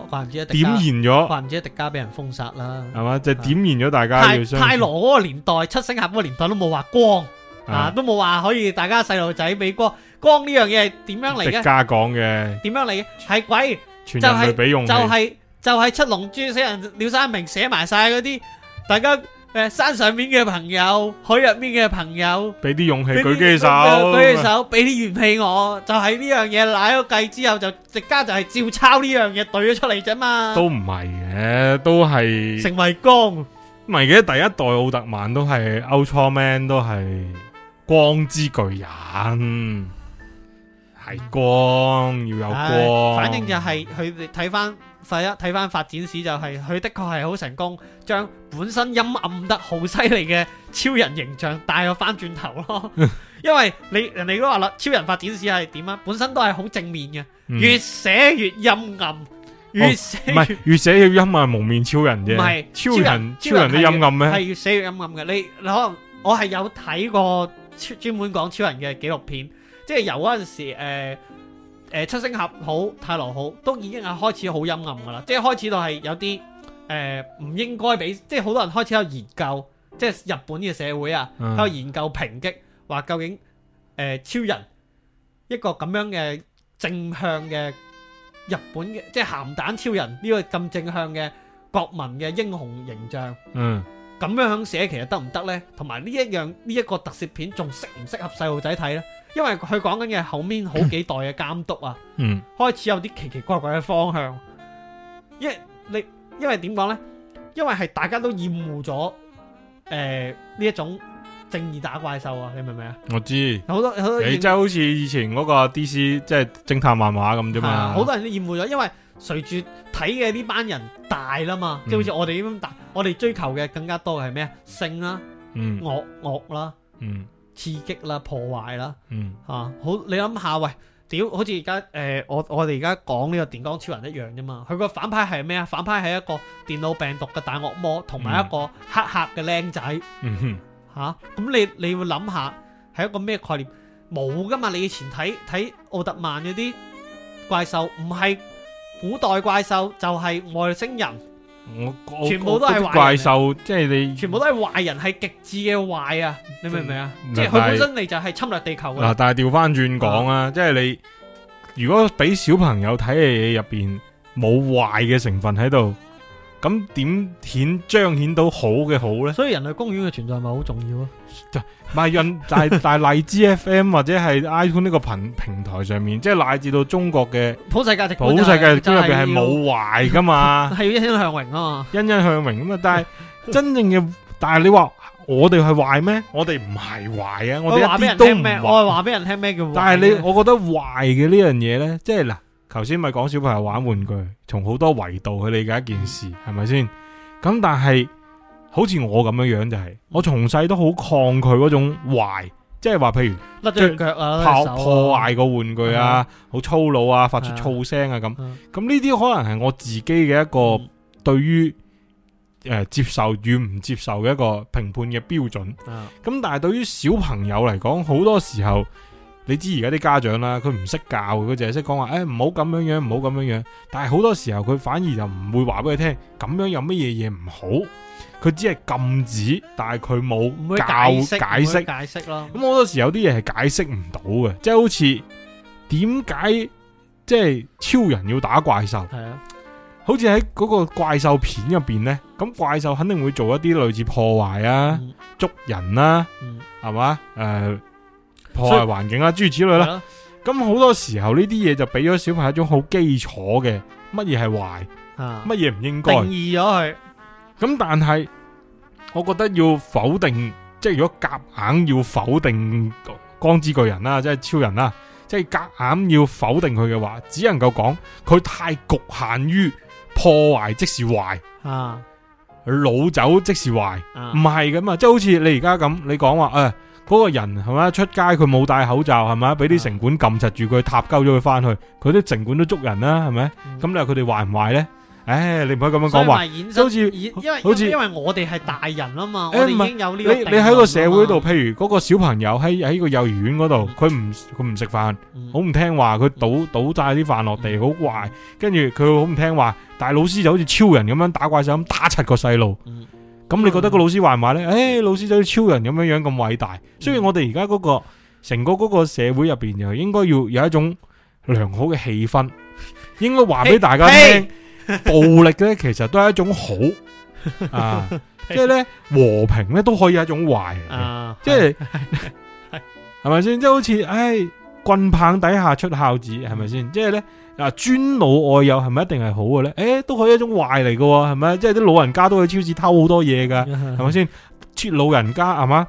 點燃咗。或者迪迦俾人封殺啦，係嘛，就點燃咗大家。泰泰羅嗰個年代，七星俠嗰個年代都冇話光。啊，啊！都冇話可以大，就是就是就是，大家細路仔，俾光光呢樣嘢係點樣嚟嘅？直家講嘅，點樣嚟嘅？係鬼，就係俾勇氣就係就係七龍珠死人鳥山明寫埋晒嗰啲，大家誒山上面嘅朋友，海入面嘅朋友，俾啲勇氣舉起手，呃，舉起手，俾啲元氣我，就係呢樣嘢奶咗計之後就，就直家就係照抄呢樣嘢懟咗出嚟啫嘛。都唔係嘅，都係成為光，唔係記得第一代奧特曼都係 Ultraman 都係。光之巨人係光，要有光，反正就係佢睇翻，快啲睇翻發展史就係佢的確係好成功，將本身陰暗得好犀利嘅超人形象帶咗翻轉頭咯。因為你人哋都話啦，超人發展史係點啊？本身都係好正面嘅，越寫越陰暗，越寫，唔係，越寫越陰暗，蒙面超人啫。唔係超人，超人都陰暗咩？係越寫越陰暗嘅。你你可能我係有睇過。專門講超人嘅紀錄片，即係由嗰陣時候，誒、呃、誒、呃，七星俠好，泰羅好，都已經係開始好陰暗噶啦，即係開始到係有啲誒唔應該俾，即係好多人開始喺度研究，即係日本嘅社會啊，喺、嗯、度研究抨擊，話究竟誒、呃、超人一個咁樣嘅正向嘅日本嘅，即係鹹蛋超人呢個咁正向嘅國民嘅英雄形象。嗯。咁樣寫其實得唔得咧？同埋呢一樣呢一個特攝片仲適唔適合細路仔睇咧？因為佢講緊嘅後面好幾代嘅監督啊，開始有啲奇奇怪怪嘅方向。一你因為點講咧？因為係大家都厭惡咗誒呢一種正義打怪獸啊！你明唔明啊？我知好多好多，你就好似以前嗰個 DC 即係偵探漫畫咁啫嘛。好多人都厭惡咗，因為。隨住睇嘅呢班人大啦嘛，即、嗯、係好似我哋咁大，我哋追求嘅更加多嘅係咩啊？性啦，惡、嗯、惡啦、嗯，刺激啦，破壞啦，吓、嗯啊、好你諗下喂，屌好似而家誒，我我哋而家講呢個電光超人一樣啫嘛，佢個反派係咩啊？反派係一個電腦病毒嘅大惡魔，同埋一個黑客嘅靚仔，吓、嗯、咁、嗯啊、你你會諗下係一個咩概念？冇㗎嘛，你以前睇睇奧特曼嗰啲怪獸唔係。不是古代怪獸就係外星人，我，我，我全部都係怪獸，即係你全部都係壞人，係極致嘅壞啊！你明唔明啊？即係佢本身你就係侵略地球嘅。嗱，但係調翻轉講啊，哦、即係你如果俾小朋友睇嘅嘢入邊冇壞嘅成分喺度。咁點顯彰顯到好嘅好咧？所以人類公園嘅存在咪好重要咯？唔係，但係但係荔枝 FM 或者係 iTune 呢個平平台上面， 即係乃至到中國嘅普世價值，普世價值入邊係冇壞噶嘛？係要欣欣向榮啊嘛，欣欣向榮咁啊，啊！但係真正嘅，但係你話我哋係壞咩？我哋唔係壞啊！我哋一啲都唔壞。我係話俾人聽咩叫壞？但係你，我覺得壞嘅呢樣嘢咧，即係嗱。頭先咪講小朋友玩玩具，從好多維度去理解一件事，係咪先？咁但係好似我咁樣樣就係、是，我從細都好抗拒嗰種壞，即係話譬如甩腳破破壞個玩具啊、好粗魯啊、發出噪聲啊咁。咁呢啲可能係我自己嘅一個對於誒、呃、接受與唔接受嘅一個評判嘅標準。咁但係對於小朋友嚟講，好多時候。你知而家啲家長啦，佢唔識教，佢淨係識講話，誒唔好咁樣樣，唔好咁樣樣。但係好多時候佢反而就唔會話俾你聽，咁樣有乜嘢嘢唔好，佢只係禁止，但係佢冇教解釋解釋咯。咁好多時候有啲嘢係解釋唔到嘅，即係好似點解即係超人要打怪獸？係啊，好似喺嗰個怪獸片入邊咧，咁怪獸肯定會做一啲類似破壞啊、嗯、捉人啦、啊，係嘛誒。破壞環境啊，諸如此類啦。咁好多時候呢啲嘢就俾咗小朋友一種好基礎嘅乜嘢係壞，乜嘢唔應該定義咗佢咁，但係我覺得要否定，即係如果夾硬要否定光之巨人啦，即係超人啦，即係夾硬要否定佢嘅話，只能夠講佢太局限於破壞即是壞、啊，老走，即是壞，唔係咁嘛。即係好似你而家咁，你講話誒。哎嗰、那個人係咪？出街佢冇戴口罩係咪？俾啲城管撳實住佢，撻鳩咗佢返去，佢啲城管都捉人啦，係咪？咁、嗯、你話佢哋壞唔壞呢？唉、哎，你唔可以咁樣講話，好似因，因，因為我哋係大人啊嘛，欸、我哋已經有呢個定。你你喺個社會度，譬如嗰、那個小朋友喺喺個幼兒園嗰度，佢唔佢唔食飯，好、嗯、唔聽話，佢倒、嗯、倒曬啲飯落地，好壞，跟住佢好唔聽話，但係老師就好似超人咁樣打怪獸咁打柒個細路。嗯咁、嗯、你覺得個老師壞唔壞咧？誒、哎，老師就好似超人咁樣樣咁偉大。雖然我哋而家嗰個成個嗰個社會入邊就應該要有一種良好嘅氣氛，應該話俾大家聽，暴力咧 其實都係一種好啊，即係咧，和平咧都可以係一種壞啊，即係係咪先？即係、 就是、好似誒、哎、棍棒底下出孝子係咪先？即係咧。嗯，就是啊，尊老愛幼係咪一定係好嘅咧？誒、欸，都可以一種壞嚟嘅，係咪？即係啲老人家都去超市偷好多嘢噶，係咪先？切老人家係嘛，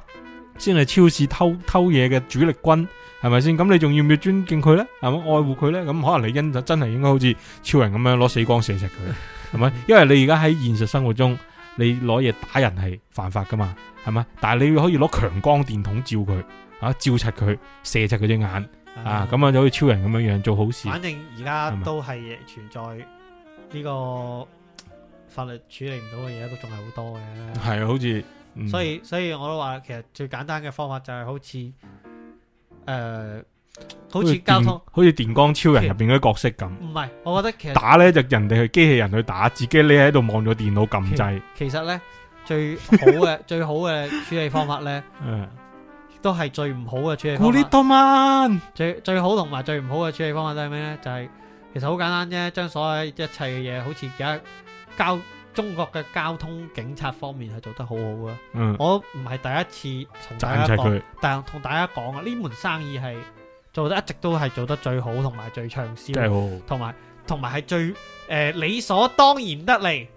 先係超市偷偷嘢嘅主力軍，係咪先？咁你仲要唔要尊敬佢咧？係咪愛護佢咧？咁可能你欣就真係應該好似超人咁樣攞死光射實佢，係咪？ 因為你而家喺現實生活中，你攞嘢打人係犯法噶嘛，係咪？但係你可以攞強光電筒照佢，啊，照實佢，射實佢隻眼。啊，咁啊，就好似超人咁樣樣做好事。反正而家都係存在呢個法律處理唔到嘅嘢，都仲係好多嘅。係啊，好似、嗯、所以所以我都話，其實最簡單嘅方法就係好似誒、呃，好似交通，好似電、電光超人入邊嗰啲角色咁。唔係，我覺得其實打咧就人哋去機器人去打，自己匿喺度望咗電腦撳掣。其實咧，最好嘅 最好嘅處理方法咧，嗯。都係最唔好嘅處理方法最，最好同埋最唔好嘅處理方法都係咩呢？就係、是、其實好簡單啫，將所有一切嘅嘢，好似而家交中國嘅交通警察方面係做得好好啊。嗯，我唔係第一次同大家講，但同大家講呢門生意係做得一直都係做得最好同埋最暢銷，同埋同埋係最、呃、理所當然得嚟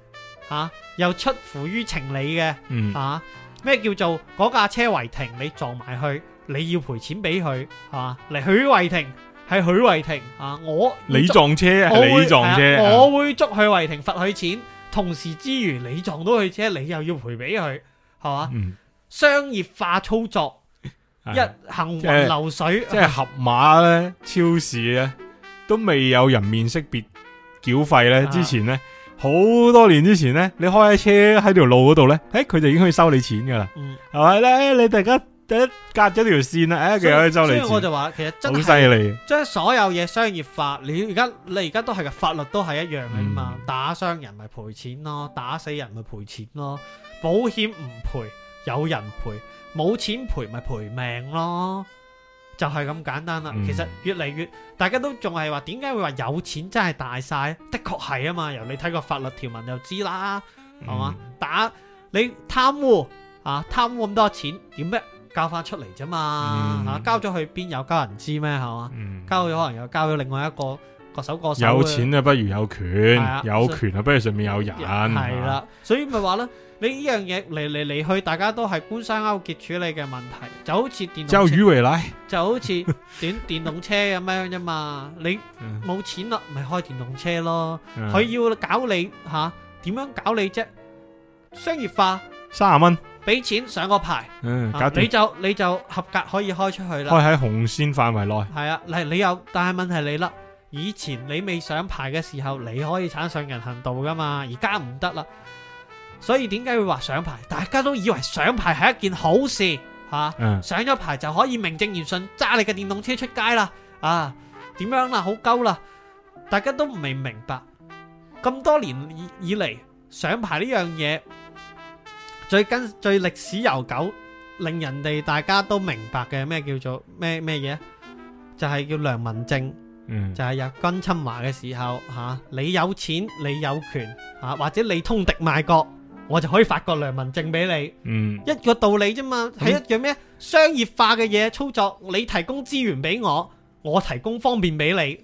嚇、啊，又出乎於情理嘅，嗯、啊咩叫做嗰架車違停？你撞埋去，你要賠錢俾佢係嘛？嚟許違停係許違停啊！我你撞車，你撞車，我會捉佢違停，罰佢錢。同時之餘，你撞到佢車，你又要賠俾佢係嘛？嗯。商業化操作，一行雲流水。即係盒馬咧，超市咧，都未有人面識別繳費咧，之前咧。好多年之前咧，你開車喺條路嗰度咧，誒、哎，佢就已經可以收你錢噶啦，係咪咧？你突然間一隔咗條線啦，誒、哎，佢又可以收你錢。所以，所以我就話，其實真好犀利。將所有嘢商業化，你而家你而家都係嘅法律都係一樣嘅嘛，嗯、打傷人咪賠錢咯，打死人咪賠錢咯，保險唔賠，有人賠，冇錢賠咪賠命咯。就係、是、咁簡單啦，其實越嚟越大家都仲係話點解會話有錢真係大晒」，的確係啊嘛，由你睇個法律條文就知啦，係、嗯、嘛？打你貪污啊，貪污咁多錢點咩？交翻出嚟啫嘛，嗯啊、交咗去邊有交人知咩？係嘛、嗯？交咗可能又交咗另外一個個手個手，有錢啊，不如有權；啊、有權啊，不如上面有人。係啦、啊啊啊啊啊，所以咪話咧。 你呢樣嘢，嚟嚟嚟去，大家都係官商勾結處理嘅問題，就好似電動車就好如未來，就好似電電動車咁樣啫嘛。你冇錢啦，咪開電動車咯。佢要搞你吓，點樣搞你啫？商業化三十蚊，俾錢上個牌，嗯，搞掂，你就你就合格可以開出去啦。開喺紅線範圍內係啊，嚟你又，但係問題你啦，以前你未上牌嘅時候，你可以踩上人行道噶嘛，而家唔得啦。所以點解會話上牌？大家都以為上牌係一件好事，吓，上咗牌就可以名正言順揸你嘅電動車出街啦，啊，點樣啦，好鳩啦，大家都未明白。咁多年以以嚟，上牌呢樣嘢最跟最歷史悠久，令人哋大家都明白嘅咩叫做咩咩嘢？就係叫良民證，就係日軍侵華嘅時候，吓，你有錢你有權，吓，或者你通敵賣國。我就可以發個良民證俾你、嗯，一個道理啫嘛，係一樣咩？商業化嘅嘢，操作，你提供資源俾我，我提供方便俾你。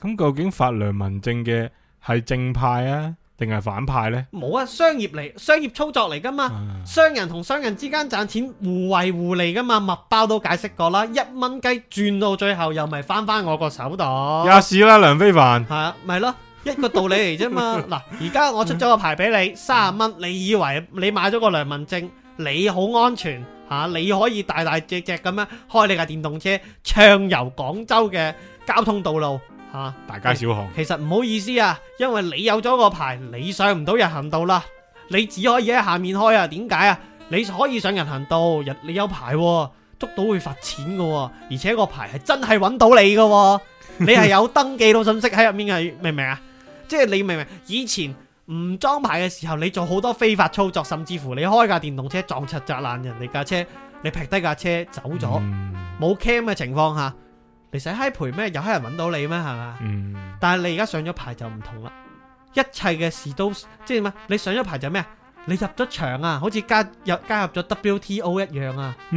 咁、嗯、究竟發良民證嘅係正派啊，定係反派呢？冇啊，商業嚟，商業操作嚟噶嘛、啊。商人同商人之間賺錢互惠互利噶嘛，麥包都解釋過啦，一蚊雞轉到最後又咪翻翻我個手度。有事啦，梁非凡。係啊，咪、就、咯、是。一個道理嚟啫嘛！嗱，而家我出咗個牌俾你，三十蚊，你以為你買咗個良民證，你好安全吓？你可以大大只只咁樣開你架電動車暢遊廣州嘅交通道路吓，大街小巷。其實唔好意思啊，因為你有咗個牌，你上唔到人行道啦，你只可以喺下面開啊？點解啊？你可以上人行道，人你有牌喎，捉到會罰錢噶喎，而且個牌係真係揾到你噶喎，你係有登記到信息喺入面嘅，明唔明啊？即係你明唔明？以前唔裝牌嘅時候，你做好多非法操作，甚至乎你開架電動車撞柒砸爛人哋架車，你劈低架車走咗，冇 cam 嘅情況下，你使閪賠咩？有閪人揾到你咩？係嘛、嗯？但係你而家上咗牌就唔同啦，一切嘅事都即係咩？你上咗牌就咩你入咗場啊，好似加入加入咗 WTO 一樣啊！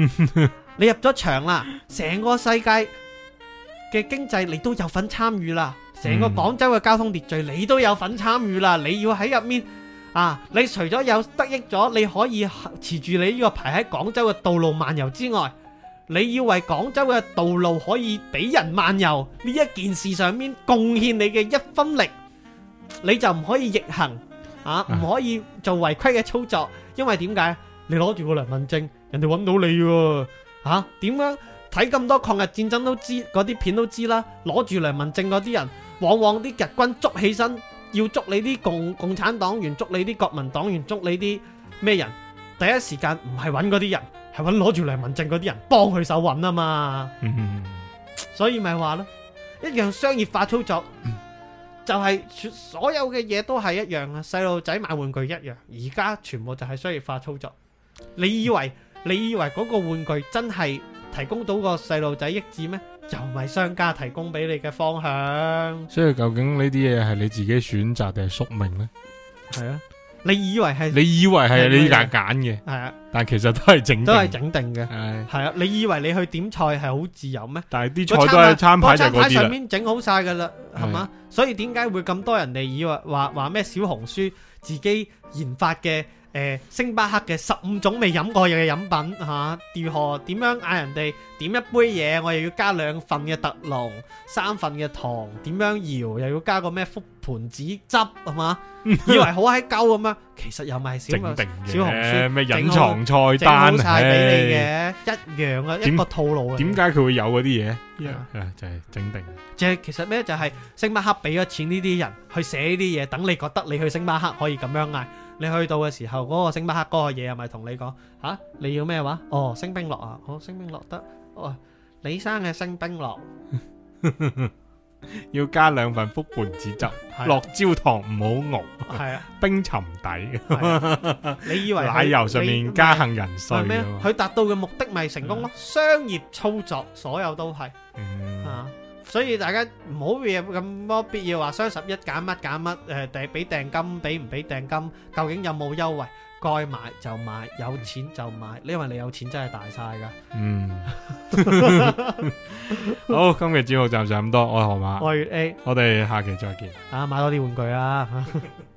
你入咗場啦、啊，成個世界嘅經濟你都有份參與啦。成個廣州嘅交通秩序，你都有份參與啦！你要喺入面啊，你除咗有得益咗，你可以持住你呢個牌喺廣州嘅道路漫遊之外，你要為廣州嘅道路可以俾人漫遊呢一件事上面貢獻你嘅一分力，你就唔可以逆行啊，唔可以做違規嘅操作，因為點解？你攞住個良民證，人哋揾到你喎、啊、嚇！點樣睇咁多抗日戰爭都知嗰啲片都知啦，攞住良民證嗰啲人。往往啲日軍捉起身，要捉你啲共共產黨員，捉你啲國民黨員，捉你啲咩人？第一時間唔係搵嗰啲人，係搵攞住良民證嗰啲人幫佢手搵啊嘛。所以咪話咯，一樣商業化操作，就係所有嘅嘢都係一樣啊！細路仔買玩具一樣，而家全部就係商業化操作。你以爲你以為嗰個玩具真係提供到個細路仔益智咩？又咪商家提供俾你嘅方向，所以究竟呢啲嘢係你自己選擇定係宿命呢？係啊，你以為係你以為係你揀揀嘅，係啊，但係其實都係整都係整定嘅，係係啊，你以為你去點菜係好自由咩？但係啲菜都係餐牌餐牌上面整好晒噶啦，係嘛？所以點解會咁多人哋以為話話咩小紅書自己研發嘅？誒，星巴克嘅十五種未飲過嘅飲品吓，如何點樣嗌人哋點一杯嘢，我又要加兩份嘅特濃，三份嘅糖，點樣搖又要加個咩覆盆子汁係嘛？以為好閪鳩咁樣，其實又咪係小明、小紅書咩隱藏菜單啊？俾你嘅一樣啊，一個套路啊。點解佢會有嗰啲嘢？就係整定，即係其實咩？就係星巴克俾咗錢呢啲人去寫呢啲嘢，等你覺得你去星巴克可以咁樣嗌。你去到嘅時候，嗰個星巴克嗰個嘢係咪同你講吓？你要咩話？哦，星冰樂啊，好星冰樂得。哦，李生嘅星冰樂，要加兩份覆盆子汁，落焦糖唔好熬。係啊，冰沉底。你以為奶油上面加杏仁碎係咩？佢達到嘅目的咪成功咯？商業操作，所有都係。嗯。所以大家唔好有咁多必要話雙十一揀乜揀乜，誒，訂俾訂金，俾唔俾訂金，究竟有冇優惠？該買就買，有錢就買，因為你有錢真係大晒噶。嗯， 好，今日節目暫時咁多，我係何馬，我係 A，我哋下期再見。啊，買多啲玩具啦。